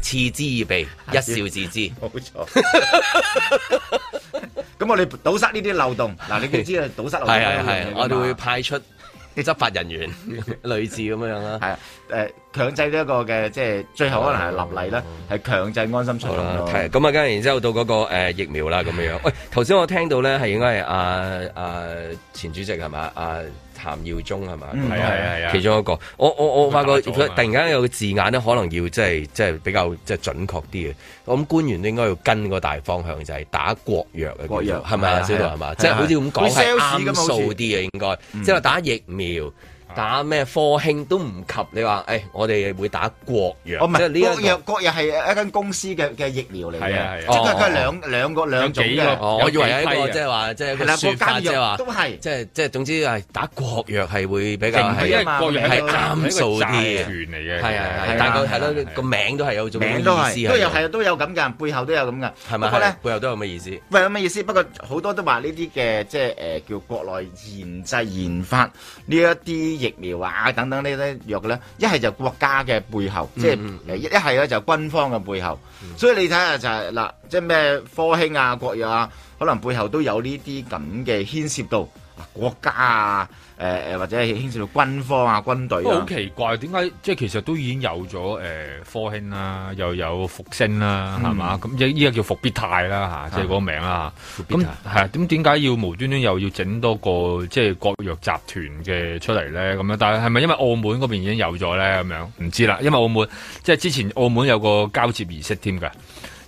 嗤之以鼻，一笑自知，冇錯。咁 我哋堵塞呢啲漏洞，嗱， 你知啊，堵塞漏，漏洞。係啊我哋會派出啲執法人員， 類似咁樣啦。係啊，誒、呃、強制一、呢個嘅，即係最後可能係立例啦，係、哦、強制安心出。好、哦、啦，咁、嗯、啊，跟、嗯嗯嗯嗯嗯嗯、然之後到嗰、嗰個、呃、疫苗啦，咁樣。喂，頭先我聽到咧係應該係阿阿前主席係嘛，阿。呃譚耀宗係嘛？係係啊。其中一個。是是我我我發覺佢突然間有個字眼咧，可能要即係即係比較即係準確啲嘅。我諗官員應該要跟個大方向，就係打國藥嘅國藥係咪啊？知道係嘛？即係好似咁講係啱數啲啊，應該，即係話打疫苗。打咩科興都唔及你話，誒、哎、我哋會打國藥，即係呢個國藥、這個、國藥係一間公司嘅嘅疫苗嚟嘅、啊啊，即係佢係兩兩個兩,兩種嘅、哦。我以為有一個即係話即係一個說法，即係話即係即係總之係打國藥係會比較係係嘛，因為啱數啲嘅。係啊係啊，但係佢係咯個名都係有種意思係都有係都有咁㗎，背後都有咁㗎係嘛？呢背後都有咩意思？都有咩意思？不過好多都話呢啲嘅即係誒叫國內研製研發呢一啲。疫苗啊，等等呢啲藥咧，一係就國家嘅背後，即係一係咧就軍方嘅背後，嗯嗯嗯，所以你睇下就係嗱，即係咩科興啊、國藥啊，可能背後都有呢啲咁嘅牽涉到國家啊。誒、呃、誒，或者係牽涉到軍方啊、軍隊好、啊哦、奇怪，點解即係其實都已經有咗誒、呃、科興啦、啊，又有復星啦、啊，係、嗯、嘛？咁依家叫復必泰啦嚇，即、嗯、係、就是、個名啦。咁係啊，點點解要，要無端端又要整多個即係、就是、國藥集團嘅出嚟咧？咁樣，但係係咪因為澳門嗰邊已經有咗咧？咁樣唔知啦，因為澳門即係、就是、之前澳門有個交接儀式添㗎。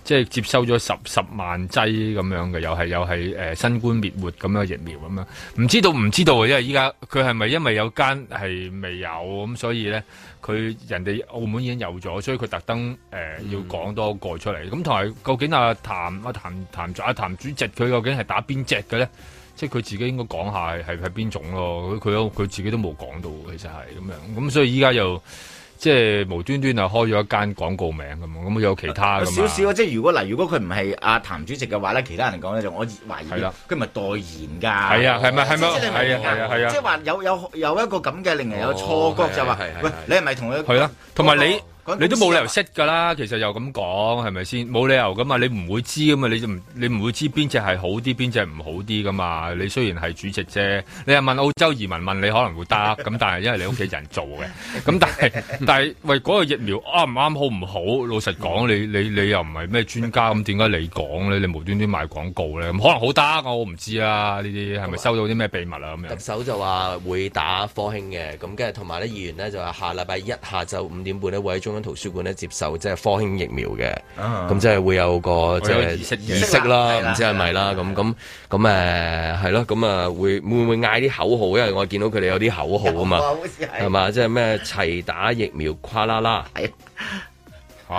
即係接收咗十十萬劑咁樣嘅，又係又係、呃、新冠滅活咁樣疫苗咁樣，唔知道唔知道因為依家佢係咪因為有間係未有咁、嗯，所以咧佢人哋澳門已經有咗，所以佢特登誒、呃、要講多個出嚟。咁同埋究竟阿譚阿譚譚啊譚主席佢究竟係打邊隻嘅咧？即係佢自己應該講下係係邊種咯？佢佢佢自己都冇講到，其實係咁樣。咁、嗯嗯嗯、所以依家又。即係無端端啊，開咗一間廣告名咁咁有其他嘅。少少啊，即係如果嗱，如果佢唔係阿譚主席嘅話咧，其他人講咧就我懷疑佢咪、啊、代言㗎。係啊，係咪係咪係啊係啊係啊，即係話有有有一個咁嘅令人有錯覺、哦啊啊啊啊、就話，喂、啊啊啊，你係咪同佢？係啊、同埋、啊、你。那個啊、你都冇理由識㗎啦，其實又咁講係咪先？冇理由㗎嘛，你唔會知㗎嘛，你就唔你唔會知邊隻係好啲，邊隻係唔好啲㗎嘛？你雖然係主席啫，你又問澳洲移民問你可能會得，咁 但係因為你屋企人做嘅，咁 但係但係為嗰個疫苗啱唔啱好唔好？老實講，你你你又唔係咩專家，咁點解你講咧？你無端端賣廣告咧？可能好得我唔知啊！呢啲係咪收到啲咩秘密啊？咁樣特首就話會打科興嘅，咁跟住同埋啲議員咧就話下禮拜一下晝五點半咧會喺中。圖書館咧接受即係科興疫苗嘅，咁、啊啊、即係會有個啊啊即係儀式啦，唔、啊、知係咪啦？咁咁咁誒，係咯，咁啊會會唔會嗌啲口號？因為我見到佢哋有啲口號啊嘛，係、嗯、嘛、嗯嗯嗯嗯嗯，即係咩齊打疫苗誇啦啦，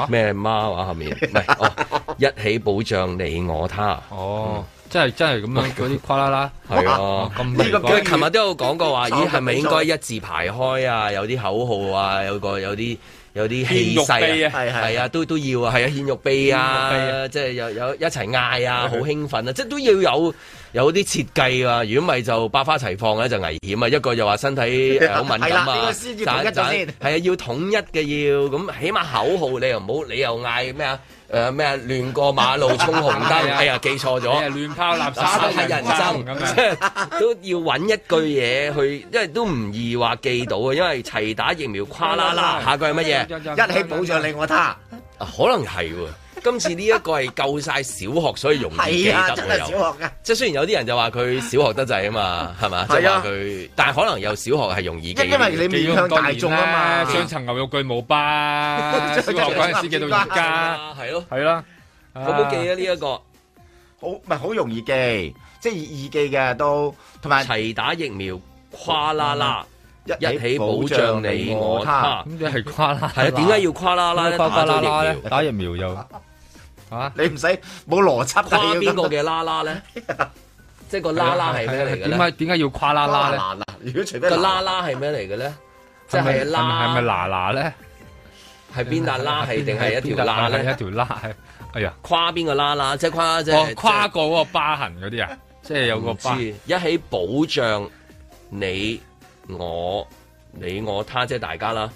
咩媽話後面係哦，一起保障你我他哦，即係真係咁樣嗰啲誇啦啦係啊，佢琴日都有講過話，咦係咪應該一字排開啊？有啲口號啊，有個有啲。有啲氣勢啊，係啊，啊都都要啊，係啊，獻肉臂啊，啊即係有有一齊嗌啊，好是的 興奮啊，即係都要有有啲設計啊，如果唔係就百花齊放咧、啊、就危險啊，一個就話身體好敏感啊，一陣先係啊，要統一嘅要，咁起碼口號你又唔好，你又嗌咩啊？誒咩啊？亂過馬路衝紅燈，哎 呀、啊，記錯咗。亂拋垃圾都係人生咁樣， 都要揾一句嘢去，因為都唔易話記到啊。因為齊打疫苗，誇啦啦，下句係乜嘢？一起保障你我他，可能係喎、啊。 今次呢一個係夠晒小學，所以容易記得。係啊，真係小學嘅。即係雖然有啲人就話佢小學得滯啊嘛，係嘛？係啊，佢但係可能有小學係容易記，因為你面向大眾啊嘛。雙層牛肉巨無霸，啊啊，小學嗰陣時記到而家，係咯，係啦，好記啊！呢一個好唔係好容易記，即係易記嘅都。同埋齊打疫苗，跨啦啦，一起保障你我他。咁即係跨啦，係啊？點解要跨啦啦咧？打疫苗咧？打疫苗又～你唔使冇邏輯，跨邊 個嘅啦啦咧？即係個啦啦係咩嚟嘅？點解，點解要跨啦啦咧？個啦啦係咩嚟嘅咧？即係啦，係咪啦啦咧？係邊笪啦係定係一條啦咧？一條啦係哎呀！跨邊個啦啦即係跨即跨、就是喔、跨過嗰 個疤痕嗰啲啊？即係有個疤，一起保障你我你我他即係大家啦。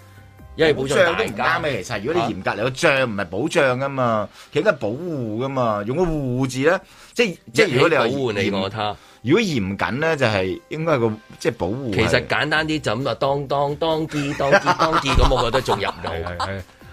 因為保障都唔啱嘅，其實如果你嚴格嚟個帳唔係保障噶嘛，啊、其實應該保護噶嘛，用個護，護字咧，即係即如果你話你格他，如果嚴謹咧就係、是、應該、那個即係保護。其實簡單啲就咁話，當當當啲當啲當啲，咁 我覺得仲入唔到。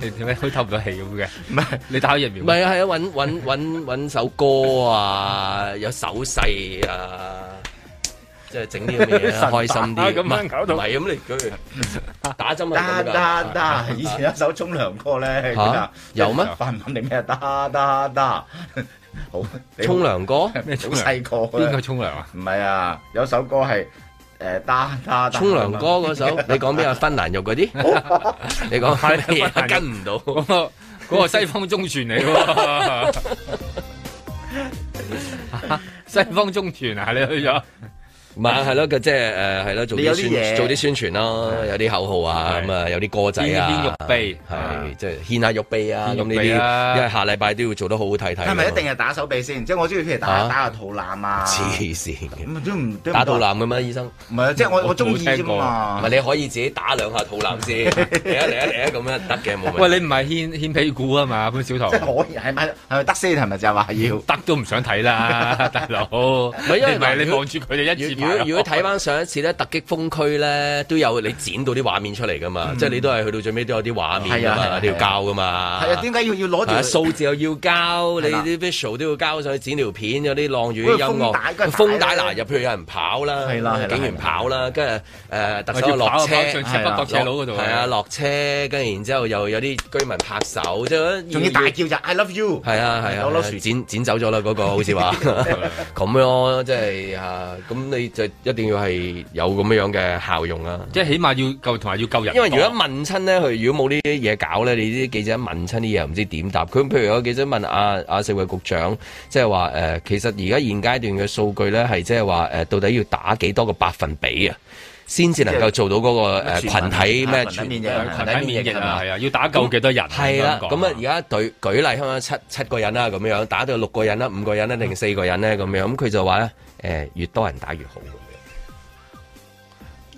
你點解可以透唔到氣咁嘅？唔係你打開疫苗？唔係啊，係啊，搵搵搵搵首歌啊，有手勢啊，即係整啲咁嘅嘢，開心啲。咁樣搞到唔係咁，你舉例打針啊？得得得，以前一首沖涼歌咧，有咩？范文定咩？得得得，好沖涼歌，好細個，邊個沖涼啊？唔係啊，有首歌係。誒、嗯，打打打！沖涼歌嗰首， 你講咩？個芬蘭肉嗰啲？ 你講，跟唔到嗰個個西方中傳嚟，西方中傳啊！你去咗？咪係咯，佢即係誒係咯，做啲宣做啲宣傳咯，有啲口號啊，咁啊有啲歌仔啊，獻下玉臂，係即係獻下玉臂啊，咁呢啲，因為下禮拜都要做得很好好睇睇。係咪一定係打手臂先？即係我中意譬如打、啊、打下肚腩啊。黐線嘅，打肚腩嘅咩、啊、醫生？唔係即係我我，我我中意。唔係你可以自己打兩下肚腩先，嚟啊嚟啊嚟啊，咁樣得嘅冇問題。喂，你唔係獻獻屁股啊嘛，潘小濤。即係可以係咪係咪得先？係咪就話要？得都唔想睇啦，大佬。唔係因為你望住佢哋一次。如果如果睇翻上一次咧，突擊封區咧，都有你剪到啲畫面出嚟噶嘛？嗯、即係你都係去到最尾都有啲畫面噶嘛？係啊係啊、都要交噶嘛？係啊，點解、啊啊啊、要要攞住、啊？數字又要交，啊、你啲 visual 都要交上去剪條片嗰啲浪語音樂。封帶嗱，入去有人跑啦，警員、啊啊啊、跑啦，跟住誒特首落車，啊，落車跟住、啊啊啊、然之後又有啲居民拍手，即係嗰仲要大叫就「I love you」。係啊係啊，攞樹、啊啊、剪剪走咗啦嗰個好似話咁 樣，即、就、係、是、啊咁你。就一定要係有咁樣嘅效用啦、啊，即係起碼要救同埋要救人。因為如果問親呢，佢如果冇啲嘢搞咧，你啲記者問親啲嘢唔知點答。佢譬如有記者問阿阿社會局長，即係話其實而家現階段嘅數據咧，係即係話到底要打幾多個百分比啊，先至能夠做到嗰個群體咩、就是啊啊？群體免、啊、群體免疫係、啊、嘛？係啊是是，要打夠幾多人？係啦，咁啊，而家舉舉例，香港七七個人啦、啊，咁樣打到六個人啦、啊啊，五個人啦、啊，定四個人咧、啊，咁樣咁佢、嗯嗯、就話。誒，越多人打越好咁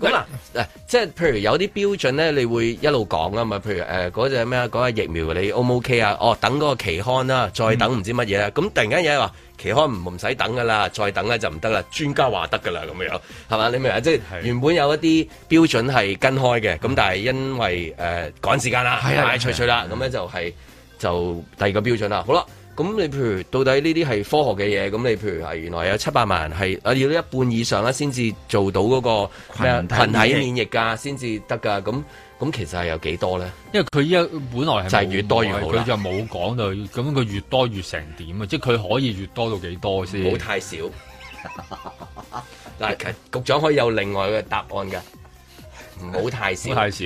樣、啊。咁嗱，嗱，即係譬如有啲標準咧，你會一路講啊嘛。譬如誒，嗰隻咩啊，嗰、嗰個疫苗你 O 唔 OK 啊？哦，等嗰個期刊啦，再等唔知乜嘢啦。咁、嗯、突然間有人話期刊唔唔使等噶啦，再等咧就唔得啦。專家話得噶啦，咁樣係嘛？你明啊？即係原本有一啲標準係跟開嘅，咁、嗯、但係因為誒趕、呃、時間啦，係啊巧巧，催催啦，咁咧就係就第二個標準啦。好啦。咁你譬如到底呢啲係科學嘅嘢？咁你譬如係原來有七百萬係啊，要一半以上啦先至做到嗰個羣體免疫㗎，先至得㗎。咁咁其實係有幾多咧？因為佢依家本來就係、係、越多越好，佢就冇講到。咁 佢越多越成點啊？即係佢可以越多到幾多先？唔好太少。嗱， 局長可以有另外嘅答案㗎。唔好太少，太少，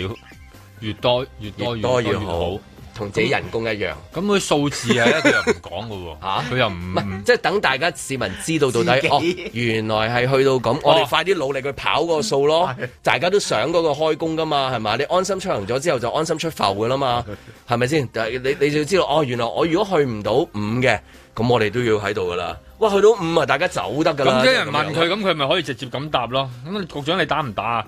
越多越多越多越多越好。越同自己人工一樣，咁佢數字啊，佢又唔講嘅喎，佢又唔，即係等大家市民知道到底哦，原來係去到咁、哦，我哋快啲努力去跑個數咯、嗯。大家都想嗰個開工㗎嘛，係咪？你安心出行咗之後就安心出埠㗎啦嘛，係咪先？但係你你就要知道哦，原來我如果去唔到五嘅，咁我哋都要喺度㗎啦。哇，去到五啊，大家走得㗎啦。咁啲人問佢，咁佢咪可以直接咁答咯？咁，局長你打唔打啊？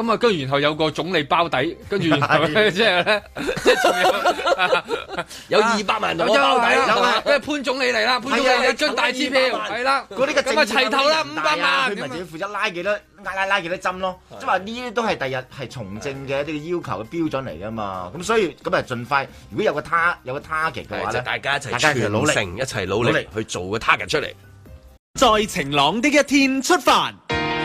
咁啊，跟住然後有個總理包底，跟住即係咧，即 係還有二百 萬包底，有啊，潘總理嚟啦，潘總理一張大支票，係啦，嗰啲嘅政綱，咁齊頭啦，五百萬，佢咪就要負責拉幾多拉拉拉幾多針咯，即係話呢啲都係第日係從政嘅一啲要求嘅標準嚟噶嘛，咁、啊、所以咁啊，盡快，如果有個 tar 有個 target 嘅話咧，就是、大家一齊努力，一齊努力,努力,努力去做個 target 出嚟，在晴朗的一天出發。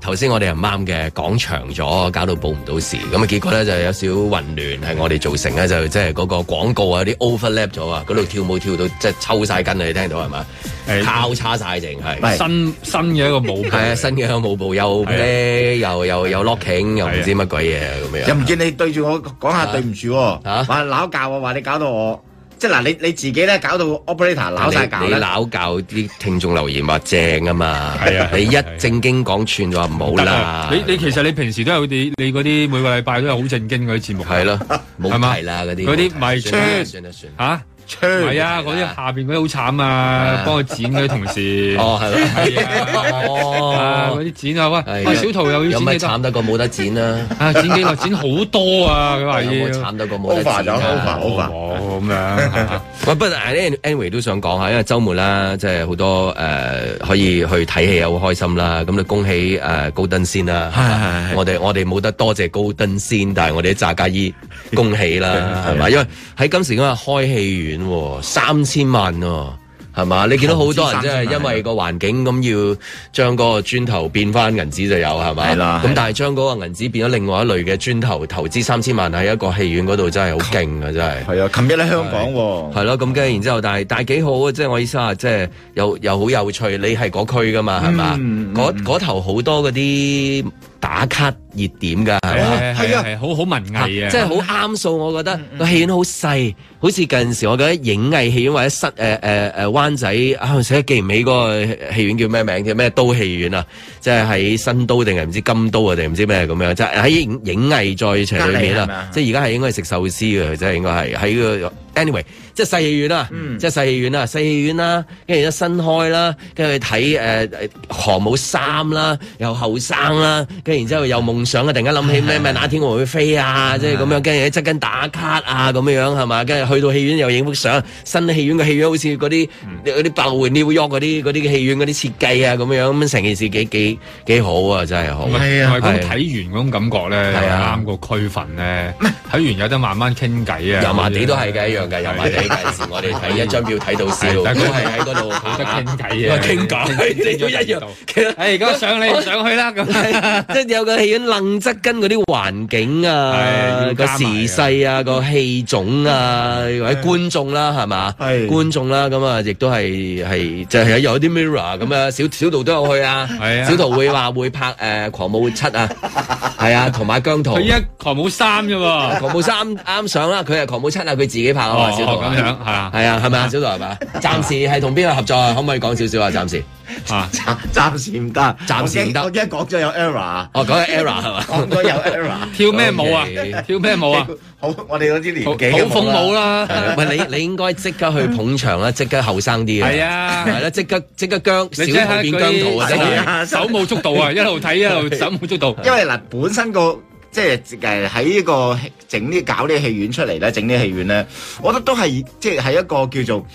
頭先我哋唔啱嘅講長咗，搞到報唔到時，咁啊結果咧就有少混亂係我哋造成咧，就即係嗰個廣告啊啲 overlap 咗啊，嗰度跳舞跳到即係抽晒筋啊，你聽到係嘛？交叉晒淨係新新嘅一個舞步係啊，新嘅一個舞步又咧又又又 locking 又唔知乜鬼嘢，又唔見你對住我講下對唔住，話鬧教我話你搞到我。即嗱、啊，你你自己咧搞到 operator 撓晒搞你撓搞啲聽眾留言話正嘛 啊嘛、啊，你一正經講串就話唔好啦，你你其實你平時都有啲，你嗰啲每個禮拜都有好正經嗰啲節目，係咯、啊，冇題啦嗰啲，嗰啲咪 c 算啦算嚇。算係啊，嗰啲下邊嗰啲好慘啊，幫、啊、佢剪嗰啲同事。哦，係啊，哦，嗰、哦、啲、哎、剪啊喂，小圖有要咩？有咪慘得過冇得剪啦、啊。啊，有有剪幾啊，剪好多啊，咁啊要慘得過冇得剪。好煩咁，好煩，好煩，咁樣。喂，不如 anyway 都想講下，因為周末啦，即係好多誒、呃，可以去睇戲啊，好開心啦。咁就恭喜誒高登先啦。我哋我哋冇得多謝高登先，但係我哋炸家依。恭喜啦，係 嘛、啊？因為喺今時今日開戲院、啊、三千萬喎、啊，係嘛？你見到好多人即係因為個環境咁，要將嗰個磚頭變翻銀紙就有係嘛？咁、啊啊、但係將嗰個銀紙變咗另外一類嘅磚頭投資三千萬喺一個戲院嗰度，真係好勁啊！真係。係啊，琴日喺香港喎、啊。係咯、啊，咁跟住然之後，然後，但係但係幾好啊！即、就、係、是、我意思話，即係又又好有趣。你係嗰區噶嘛？係、嗯、嘛？嗰嗰、嗯、頭好多嗰啲。打卡熱點㗎，係、哦、啊，係啊，係好好文藝啊，即係好啱數。我覺得個、嗯嗯、戲院好細，好似近時我覺得影藝戲院或者失誒誒誒灣仔啊，成日記唔起嗰個戲院叫咩名，叫咩都戲院啊？即係喺新都定係唔知金都啊？定唔知咩咁樣？即係喺影影藝在場裏面啊，即係而家係應該係食壽司嘅，即係應該係喺個 anyway，即係細戲院啊，即、嗯、係細戲院啊，細戲院啦、啊，跟住而家新開啦、啊，跟住睇誒《航、呃、母三》啦，又後生啦。跟然之後又有夢想啊！突然間諗起咩咩哪天我會飛啊！即係咁樣，跟住側緊打卡啊，咁樣樣係嘛？跟住去到戲院又影幅相，新戲院嘅戲院好似嗰啲嗰啲百老匯 New York 嗰啲啲戲院嗰啲設計啊，咁樣咁成件事幾幾幾好啊！真係好。係啊，咁睇完嗰種感覺咧，啱個區分咧。睇完有得慢慢傾偈啊！油麻地都係嘅一樣嘅，油麻地嘅事我哋睇一張票睇到笑，但係都係喺嗰度好得傾偈嘅。傾偈，一樣。誒，而家、 啊啊、上你，你上去啦咁。 有個戲院愣側，跟嗰啲環境啊，個時勢啊，啊個戲種啊，或者觀眾啦，係、哎、嘛、啊？觀眾啦，咁啊，亦、嗯、都係係就係、是、有啲 mirror 咁啊，啊，小小道都有去啊。啊小道會話會拍誒、呃《狂舞七》啊，係啊，同埋、啊、姜濤。佢一《狂舞三》啫喎，《狂舞三》啱上啦。佢係《狂舞七啊、哦哦啊啊啊啊》啊，佢自己拍啊嘛。小道咁樣係啊，係啊，係咪啊？小道係咪啊？暫時係同邊個合作？可唔可以講少少啊？暫 時。啊，暫時唔得，暫時唔得。我依家講咗有 error，哦講咗 error 係嘛？講咗有 error。跳咩舞啊？跳咩舞啊？好，我哋嗰啲年紀，好鳳舞啦。喂，你你應該即刻去捧場啦，即刻後生啲嘅。係啊，係啦，即刻即刻姜少變姜濤啊！手舞足蹈啊，一路睇一路手舞足蹈。因為嗱，本身個即係誒喺呢個整啲搞啲戲院出嚟咧，整啲戲院咧，我覺得都係即係係一個叫做。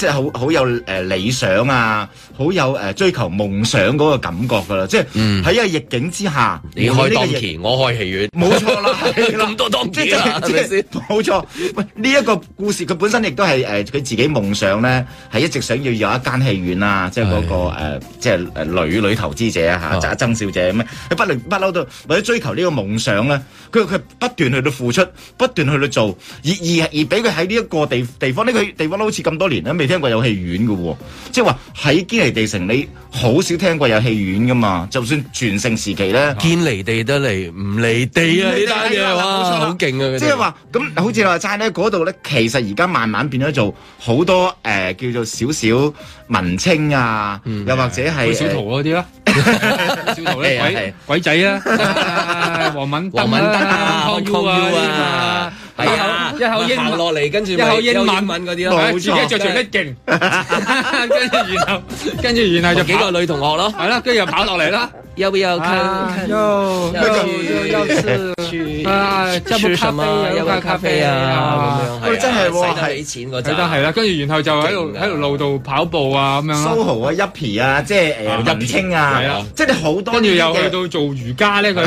即係好好有誒理想啊，好有誒追求夢想嗰個感覺噶啦，嗯，即係喺一個逆境之下，你開得戲，我開戲院，冇錯啦，咁 多多，嘢啦，係咪先？冇錯。喂，呢、這、一個故事佢本身亦都係誒，佢自己夢想咧，係一直想要有一間戲院，那個呃、啊，即係嗰個誒，即係誒女女投資者啊吓，就曾小姐咁樣，不嚟，不嬲都為咗追求呢個夢想咧，佢佢不斷去到付出，不斷去到做，而而而俾佢喺呢一個地地方呢、這個地方好似咁多年咧未聽過有戲院嘅喎，即係話喺堅尼地城，你好少聽過有戲院噶嘛？就算全盛時期咧，堅尼地得嚟唔離地啊！呢啲嘢啊，好犀好勁啊！即係話咁，好似你話齋咧，嗰度咧，其實而家慢慢變咗做好多誒，叫做少少文青啊，又或者係小圖嗰啲咯，小圖咧鬼鬼仔啊，王敏王敏德啊，康耀啊，係啊。一口英文落嚟，跟住一口英慢文嗰啲咯，自己着住乜勁？跟 住然後，跟 住然後就跑幾個女同學咯，係咯，跟住又跑落嚟啦。要不要看？要要要要吃啊？吃什麼？要唔要咖啡啊？咁樣係真係喎，係得係啦。跟住然後就喺度喺條路度跑步啊咁樣咯。Soho 啊，Happy 啊，即係誒入清啊，即係好多。跟住又去到做瑜伽咧，佢。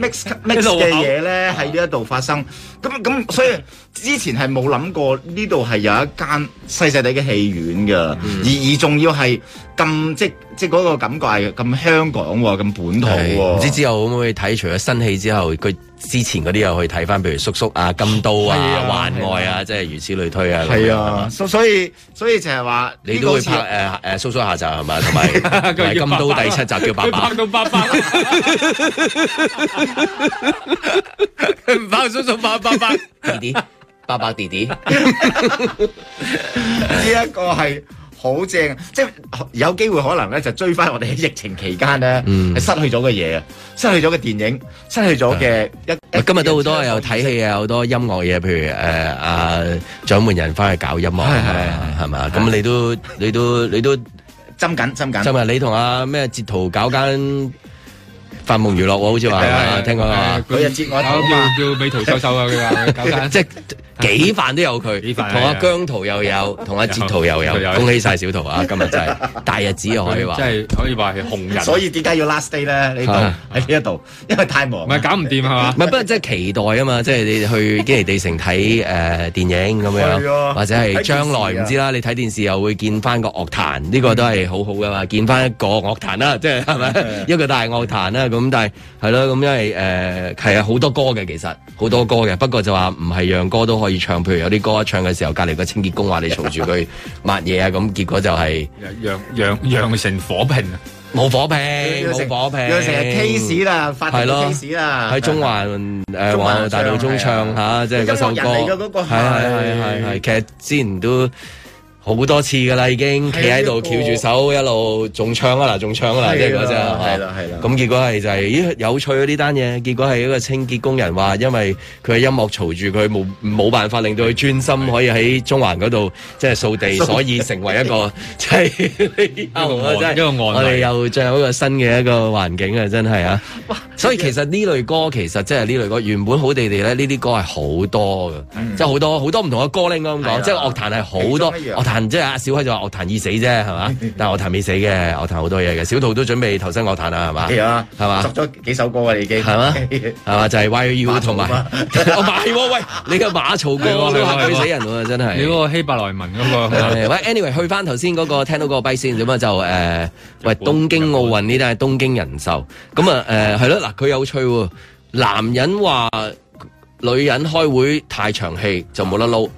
mix mix 嘅嘢咧喺呢一度發生，咁咁所以之前係冇諗過呢度係有一間細細地嘅戲院㗎、嗯，而而仲要係咁即。即、那、嗰個感覺係咁香港喎、啊，咁本土喎、啊，唔知之後可唔可以睇除咗新戲之後，佢之前嗰啲又可以睇返，譬如叔叔啊、金都啊、幻、啊、愛啊，啊即係如此類推啊。係啊，所以所以就係話你都會拍誒誒、這個啊啊，叔叔下集係嘛？同埋 金都第七集叫爸爸到爸爸唔拍叔叔爸爸爸弟弟爸爸弟弟，呢一 個係。好正，即係有機會可能咧就追翻我哋喺疫情期間咧係失去咗嘅嘢啊，失去咗嘅電影，失去咗嘅一今日都好多有睇戲嘅，好多音樂嘢，譬如誒啊掌門人翻去搞音樂啊，係嘛？咁你都你都你都斟緊斟緊，就係你同阿咩截圖搞間發夢娛樂喎，好似話聽講話，佢又截我圖叫叫美圖秀秀啊，佢話搞間即係。幾飯都有佢，同阿、啊、姜濤又有，同阿哲圖又有，恭喜晒小桃啊！今日真係大日子可以話，真係可以話係紅人、啊。所以點解要 last day 咧？呢度喺呢一度，因為太忙，唔咪搞唔掂啊嘛！咪 不過即係期待啊嘛！即係你去堅尼地城睇誒、 呃、電影咁樣， 或者係將來唔知道啦。 你睇電視又會見翻個樂壇，呢 個都係好好噶嘛！見翻一個樂壇啦，即係係咪一個大樂壇啦？咁但係係咯，咁因為誒係啊，好、呃、多歌嘅其實好多歌嘅，不過就話唔係樣歌都可以。唱，譬如有啲歌唱嘅時候，隔離個清潔工話你嘈住佢抹嘢啊，咁結果就係釀釀釀成火拼啊，冇火拼，冇火拼，又成日 case 啦，發 case 啦，喺中環誒皇后大道中唱吓，即係嗰首歌嘅嗰個，係係係，其實之前都好多次噶啦，已經企喺度翹住手一路中唱啊！嗱，中唱啊！即係嗰陣，咁、啊嗯嗯、結果係就係、是、咦有趣啊！呢單嘢結果係一個清潔工人話，因為佢音樂嘈住佢，冇冇辦法令到佢專心可以喺中環嗰度即係掃地，所以成為一個即係、就是、 案、啊、我哋又進入一個新嘅一個環境啊！真係啊！哇！所以其實呢類歌其實即係呢類歌原本好地地咧，呢啲歌係好多嘅，即係好多好、嗯、多唔同嘅歌咧咁講，即係、就是、樂壇係好多。即係阿小輝就話樂壇已死啫，係嘛？但係樂壇未死嘅，樂壇好多嘢嘅。小桃都準備投身樂壇啊，係嘛？係嘛？作咗幾首歌啊，你已經係嘛？係嘛、哎？就係、是、Why U 同埋我喎，喂，你個馬槽歌都衰死人、啊，真係你嗰個希伯萊文嗰、啊啊 anyway, 那個。喂，Anyway，去翻頭先嗰個聽到嗰個碑先，咁啊就誒、呃，喂，東京奧運呢單係東京人壽咁、呃、啊，誒係咯嗱，佢有趣，男人話女人開會太長氣就冇得撈。嗯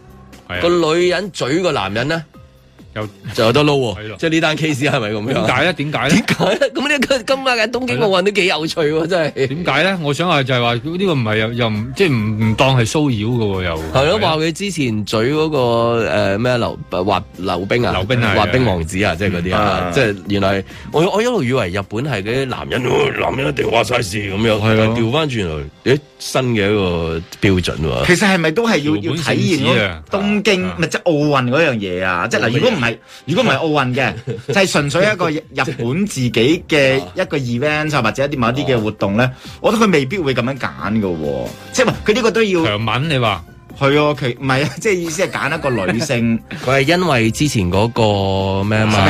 個女人嘴個男人咧。有就有得撈喎，即係呢單 case 係咪咁樣？點解咧？點解咧？點解咧？咁呢個 今日嘅東京奧運都幾有趣喎，真係。點解咧？我想係就係話，呢個唔係又又唔即係唔唔當係騷擾嘅喎，又係咯。話佢之前嘴嗰、嗰個誒咩溜滑溜冰啊，溜冰滑冰，冰，冰王子啊，即係嗰啲啊，即係原來我我一路以為日本係嗰啲男人，嗯、男人一定話晒事咁樣，係啊，調翻轉嚟，新嘅一個標準喎、啊。其實係咪都係要要體現嗰東京咪即係奧運嗰樣嘢啊？即係嗱，如果係，如果唔係奧運嘅， 就係純粹一個日本自己嘅一個 event 啊，或者一啲某一啲嘅活動咧， 我覺得佢未必會咁樣揀嘅喎，即係佢呢個都要強吻你話。係啊，其唔係啊，即係意思係揀一個女性，佢 係因為之前嗰個咩啊嘛，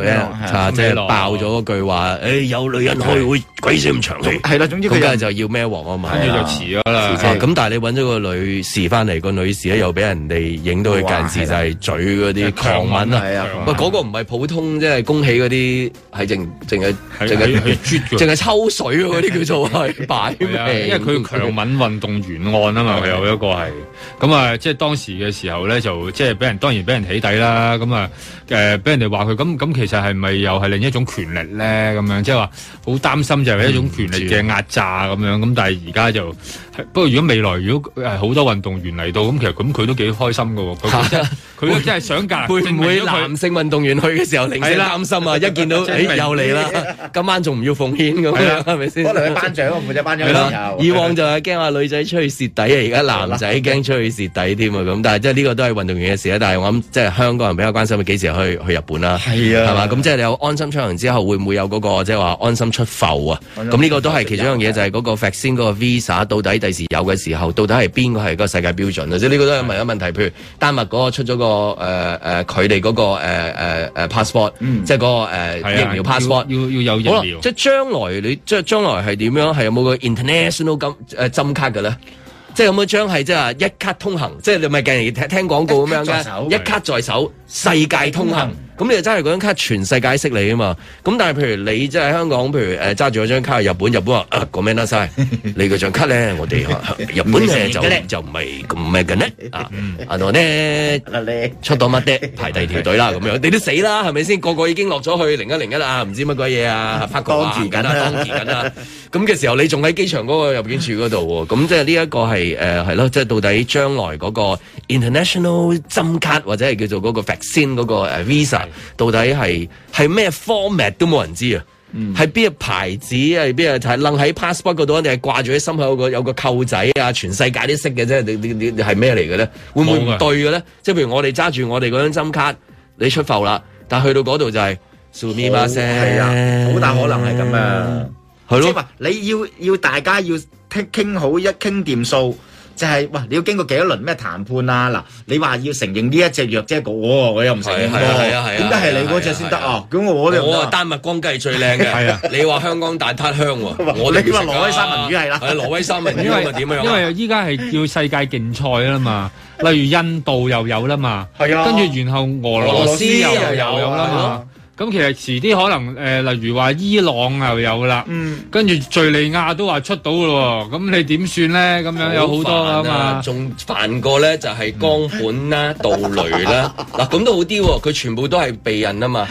咩茶、啊啊、即係爆咗嗰句話，誒、哎、有女人開、啊、會鬼死咁長氣，係啦、啊，總之佢就要咩黃啊嘛，跟住就遲咗啦。咁、啊啊哎啊、但係你揾咗個女士翻嚟，個女士咧又俾人哋影到佢近時就係嘴嗰啲狂吻啊，喂、就、嗰、是啊那個唔係普通，即、就、係、是、恭喜嗰啲係淨淨係淨係啜淨係抽水嗰啲叫做係擺咩？因為佢強吻運動員案啊嘛，有一個係。咁啊，即係當時嘅時候咧，就即係俾人當然俾人起底啦。咁啊，誒、呃、俾人哋話佢咁咁，其實係咪又係另一種權力咧？咁樣即係話好擔心，就係一種權力嘅壓榨咁、嗯、樣。咁但係而家就。不過如果未來如果好多運動員嚟到咁，其實咁佢都幾開心噶。佢 真真係想夾， 會唔會男性運動員去嘅時候零星擔心啊？一見到你又嚟啦，一 哎、來了 今晚仲唔要奉獻咁樣係咪先？可能係頒獎，負 責頒獎嘅時候。以往就係驚話女仔出去蝕底而家男仔驚出去蝕底添啊。咁但係即係呢個都係運動員嘅事啊。但係我諗即係香港人比較關心嘅，幾時去去日本啦？係啊，係嘛？咁即係有安心出行之後，會唔會有嗰個即係話安心出埠啊？咁呢個都係其中一樣嘢，就係嗰個 vaccine 嗰個 visa 到底。時有嘅時候，到底係邊個係個世界標準啊？即係呢個都係問一問題。譬如丹麥嗰個出咗，那個誒誒，佢哋嗰個誒誒誒 passport，嗯、即係、那、嗰個誒、呃、疫苗 passport，要要，要有疫苗。即係將來你即係將來係點樣？係有冇個 international 金誒卡嘅咧？即係有冇將係即係一卡通行？即係你咪勁嚟聽廣告咁樣一卡，一卡在手，世界通行。咁你就揸住嗰張卡，全世界識你啊嘛！咁但係譬如你即係香港，譬如誒揸住嗰張卡日本，日本話啊講咩啦？晒、ah, 你嘅張卡咧，我哋日本咧就就唔係咁咩嘅呢？啊！我、啊、呢？出到乜嘅排第二條隊啦咁樣， 你都死啦係咪先？個個已經落咗去零一零一啦唔知乜鬼嘢啊，發局啊，啊，當緊啊，當住緊啊！咁 嘅時候你仲喺機場嗰個入境處嗰度喎？咁即係呢一個係誒係咯，即、啊、係、就是、到底將來嗰個 international 針卡或者係叫做嗰個 vaccine 嗰個 visa。到底係係咩 format 都冇人知啊？係邊個牌子啊？邊個就係楞喺 passport 嗰度，定係掛住喺心口有個有個扣仔啊？全世界都識嘅啫，你你係咩嚟嘅咧？會唔會唔對嘅咧？即係譬如我哋揸住我哋嗰張針卡，你出埠啦，但係去到嗰度就係 show me my visa 係啊，好大可能係咁啊，係、嗯、咯。你要要大家要傾傾好一傾掂數。就係、是，哇！你要經過幾多輪咩談判啊？嗱，你話要承認呢一隻藥啫，我我又唔承認啊，點解係你嗰隻先得啊？咁我哋，我啊，丹麥光雞係最靚嘅。係 啊， 你話香港蛋撻香喎？我哋話挪威三文魚係啦？係、啊、挪、啊啊、威三文魚咪點樣？因為依家係叫世界競賽啦嘛， 例如印度又有啦嘛，係啊，跟住然後俄羅斯又有啦嘛。咁其實遲啲可能誒，例如話伊朗又有啦，跟住敍利亞都話出到喇喎，咁你點算咧？咁樣有好多啊嘛，仲煩、啊、煩過咧就係岡本啦、杜、嗯、蕾啦，嗱咁都好啲喎，佢全部都係避孕啊嘛。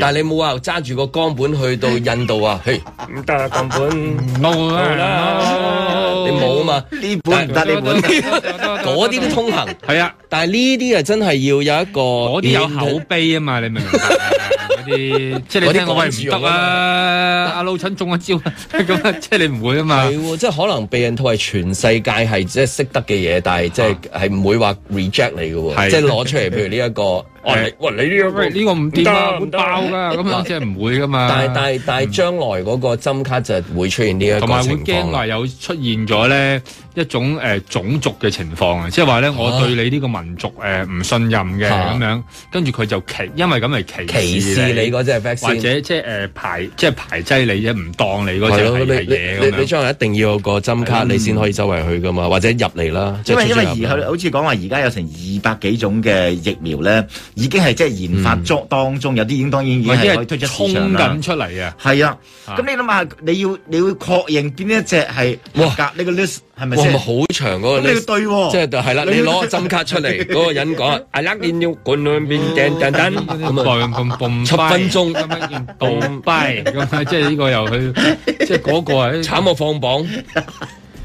但你冇話揸住個岡本去到印度啊？嘿，唔得啦，岡本冇啊，啦啦 no, 你冇啊嘛？呢本唔得，呢本嗰啲都通行係啊，但係呢啲啊真係要有一個嗰啲有口碑啊嘛，你明唔明？ 啲即係你聽我唔得啊！阿 老陳中咗招，咁即係你唔會啊嘛，係即係可能避孕套係全世界係即係識得嘅嘢，但係即係係唔會話 reject 你嘅，即係攞出嚟，譬如呢、這、一個。 喂、哦，你呢、呢個？喂，呢個唔得，唔啦，咁啊，即係唔會噶嘛。 但係但係但係，將來嗰個針卡就係會出現呢一個情況，同埋會驚話有出現咗咧一種誒種族嘅情況啊，即係話咧，我對你呢個民族誒唔信任嘅咁樣，跟住佢就歧，因為咁嚟歧視你嗰隻，或者即係誒排，即係排擠你啫，唔當你嗰隻係嘢你你，你，你將來一定要有個針卡，嗯、你先可以周圍去噶嘛，或者入嚟啦。因為因為而係好似講話，而家有成二百幾種嘅疫苗咧。已經係即係研發作中，當、嗯、中有啲已經當然已經係可以推出市場啦。係啊，咁、啊、你諗下，你要你要確認邊一隻係哇？隔呢個 list 係咪先？哇，咪好長嗰個 list 是是、就是。即係、哦、就係、是、啦，你攞個針卡出嚟，嗰 個人講 ，I look、like、in your g l a s 七分鐘，咁 七分鐘 b o o 即係呢個又去，即係嗰個啊，慘我放榜，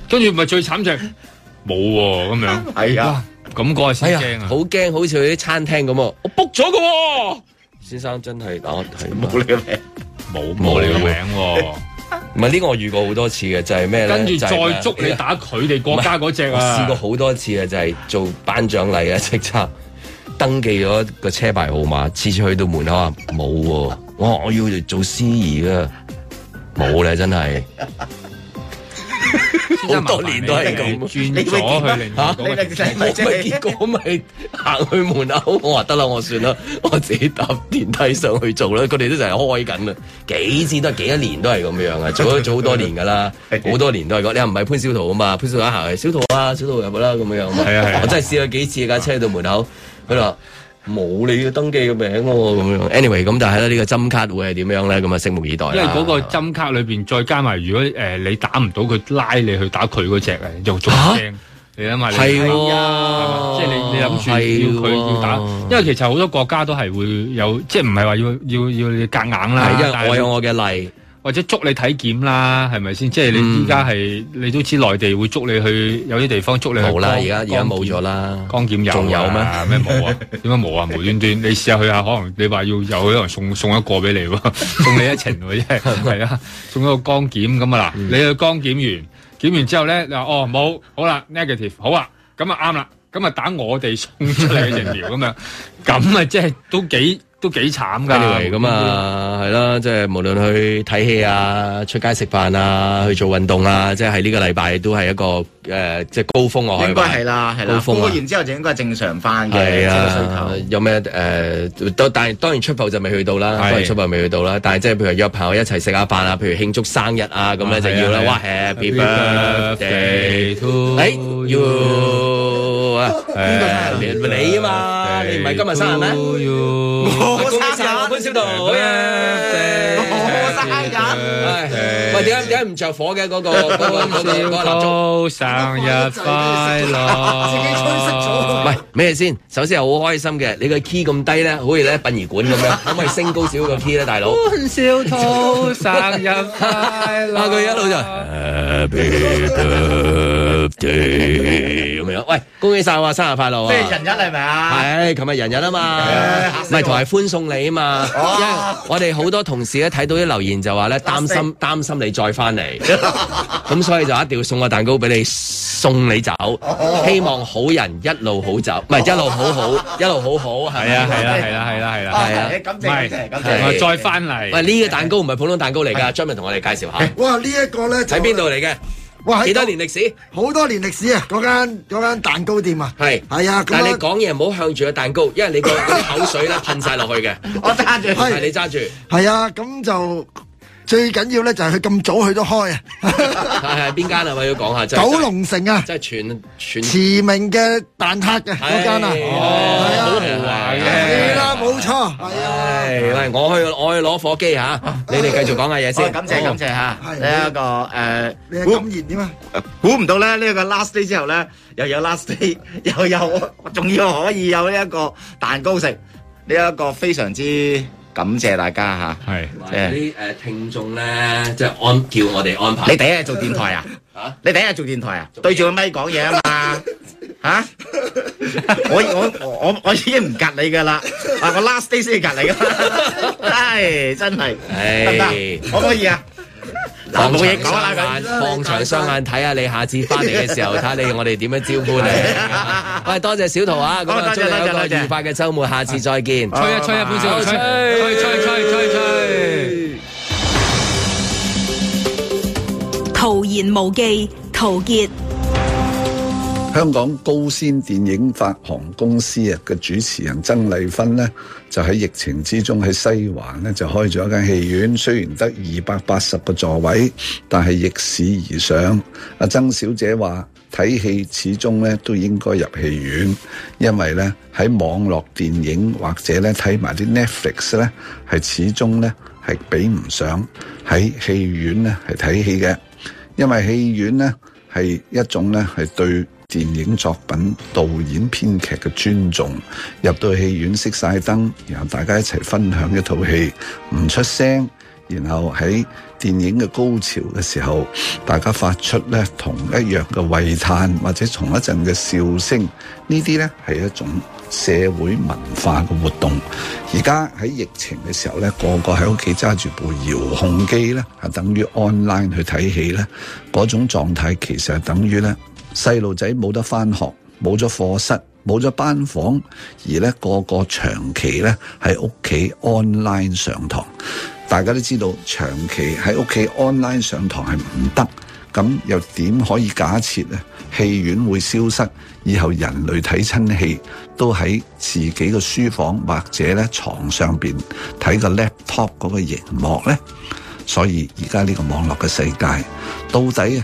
跟住咪最慘就冇喎，咁樣係啊。 咁嗰個先啊！好、哎、驚，好似去啲餐廳咁，我 book 咗嘅。先生真係，我係冇你名，冇 冇你名、啊。唔係呢個我遇過好多次嘅，就係、是、咩跟住、啊、再捉你打佢哋國家嗰隻啊！試 過好多次嘅，就係、是、做頒獎禮嘅，即係登記咗個車牌號碼，次次去到門口啊，冇喎！我我要做司儀啊，冇咧，真係。 好多年都係咁，轉咗去吓，冇結果咪行去門口。我話得啦，我算啦，我自己搭電梯上去做啦。佢哋都就係開緊啊，幾次都係幾多年都係咁樣啊，做咗做好多年噶啦，好多年都係咁。你唔係潘小桃啊嘛，潘小桃行去，小桃啊，小桃入啦咁樣。係 我真係試咗幾次架車到門口，佢 就。冇你嘅登記嘅名喎、啊，咁樣。Anyway，咁但係呢個針卡會係點樣咧？咁啊，拭目以待、啊。因為嗰個針卡裏面再加埋，如果、呃、你打唔到佢，拉你去打佢嗰隻啊，又仲正。你諗下，係啊。即係你你諗住要佢要打、啊，因為其實好多國家都係會有，即係唔係話要要要夾硬啦。因為、啊、我有我嘅例。或者捉你體檢啦，係咪先？即係你依家係你都知內地會捉你去有啲地方捉你。冇啦，而家而家冇咗啦。光檢有仲有咩？咩冇啊？點解冇啊？無端端，你試下去下，可能你話要有啲人送送一個俾你喎，送你一程喎，即係係啊，送一個光檢咁啊啦。你去光檢完，檢完之後咧，你話哦冇好啦，negative 好啊，咁啊啱啦，咁啊打我哋送出嚟嘅疫苗咁樣，咁啊即係都幾。都幾慘㗎，咁啊，係啦，即係無論去睇戲啊、出街食飯啊、去做運動啊，即係喺呢個禮拜都係一個。誒即係高峰我應該係啦，係啦，高峰完、啊、之、啊、後就應該正常翻嘅。係啊，有咩誒？都、呃、但係當然出埠就未去到啦，當然出埠未去到啦。但係即係譬如約朋友一齊食下飯啊，譬如慶祝生日啊咁咧、啊啊、就要啦。哇，Happy birthday, birthday to you！誒、啊，啊你啊嘛，you, 你唔係今日生日咩？我生日小我生日。喂，點解點解唔着火嘅嗰個嗰個生日快樂！自己吹熄咗唔係咩先？首先係好開心嘅，你個 key 咁低咧，好似咧殯儀館咁樣，咁 可唔可以升高少個 key 咧，大佬。歡笑兔生 日快樂。阿 佢一路就。 有、嗯、冇、嗯嗯嗯嗯、喂，恭喜晒喎，生日快樂啊！即係人日係咪啊？係，琴日人日啊嘛，咪同埋歡送你啊嘛。因為我哋好多同事咧睇，啊、到啲留言就話咧擔心擔、啊、心，心你再翻嚟，咁、啊、所以就一定要送個蛋糕俾你送你走、啊啊，希望好人一路好走，唔、啊、係、啊、一路好好，一路好好。係啊係啊，係啊，係啊，係啊，係啊！唔係唔係再翻嚟？喂、啊，呢個蛋糕唔係普通蛋糕嚟噶，張明同我哋介紹下。哇、啊！呢一個咧喺邊度嚟嘅？啊啊幾多年歷史？好多年歷史啊！嗰間嗰間蛋糕店啊，係係啊！那但係你講嘢唔好向住個蛋糕，因為你個啲 口水呢噴晒落去嘅，我揸住，係 你揸住，係啊！咁就。最緊要咧就係佢咁早去都開啊！ 係係邊間啊？我要講下九龍城啊！即係全全馳名嘅蛋撻嘅，嗰間啊！啊哦哦、好啊，好嘅係啦，冇錯，係啊喂，我去我去攞火機吓、啊。你哋繼續講下嘢先、哎。啊、感謝，感謝嚇、啊哎這個。係呢一個誒，你嘅感言點啊！估唔到咧，呢一個 last day 之後咧，又有 last day，又有仲要可以有呢一個蛋糕食，呢、這、一個非常之～感謝大家嚇，係即係啲誒聽眾咧，即係安叫我哋安排。你第一日做電台啊？嚇！你第一日做電台啊？對住個咪講嘢啊嘛？嚇！我我我我已經唔隔你噶啦，我 last day 先至隔你噶嘛。唉，真係，得唔得？可唔可以啊？放長雙眼，放長雙眼睇下，下你下次翻嚟嘅時候，睇下你我哋點樣招攬你。喂， 多謝小桃啊， 今日祝你有個愉快嘅週末，下次再見。謝謝謝謝，吹一吹、啊，潘小龍，吹吹吹吹吹。陶言無忌，陶傑。香港高先電影發行公司啊嘅主持人曾麗芬呢。就喺疫情之中喺西環咧就開咗一間戲院，雖然得二百八十個座位，但係逆市而上。阿曾小姐話睇戲始終咧都應該入戲院，因為咧喺網絡電影或者咧睇埋啲 Netflix 咧係始終咧係比唔上喺戲院咧係睇戲嘅，因為戲院咧係一種咧係對。電影作品、導演、編劇嘅尊重，入到戲院熄晒燈，然後大家一齊分享一套戲，唔出聲，然後喺電影嘅高潮嘅時候，大家發出咧同一樣嘅喟嘆，或者同一陣嘅笑聲，呢啲咧，係一種社會文化嘅活動。而家喺疫情嘅時候咧，個個喺屋企揸住部遙控機咧，係等於 online 去睇戲咧，嗰種狀態其實係等於咧。細路仔冇得返學，冇咗課室，冇咗班房，而咧個個長期咧喺屋企 online 上堂。大家都知道，長期喺屋企 online 上堂係唔得，咁又點可以假設咧戲院會消失？以後人類睇親戲都喺自己嘅書房或者咧床上面睇個 laptop 嗰個熒幕咧？所以而家呢個網絡嘅世界到底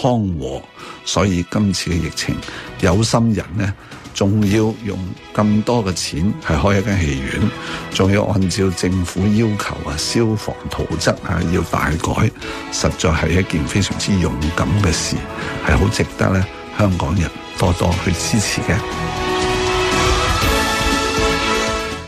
康和，所以今次嘅疫情，有心人呢仲要用咁多嘅錢係開一間戲院，仲要按照政府要求啊，消防圖則啊要大改，實在係一件非常之勇敢嘅事，係好值得咧香港人多多去支持嘅。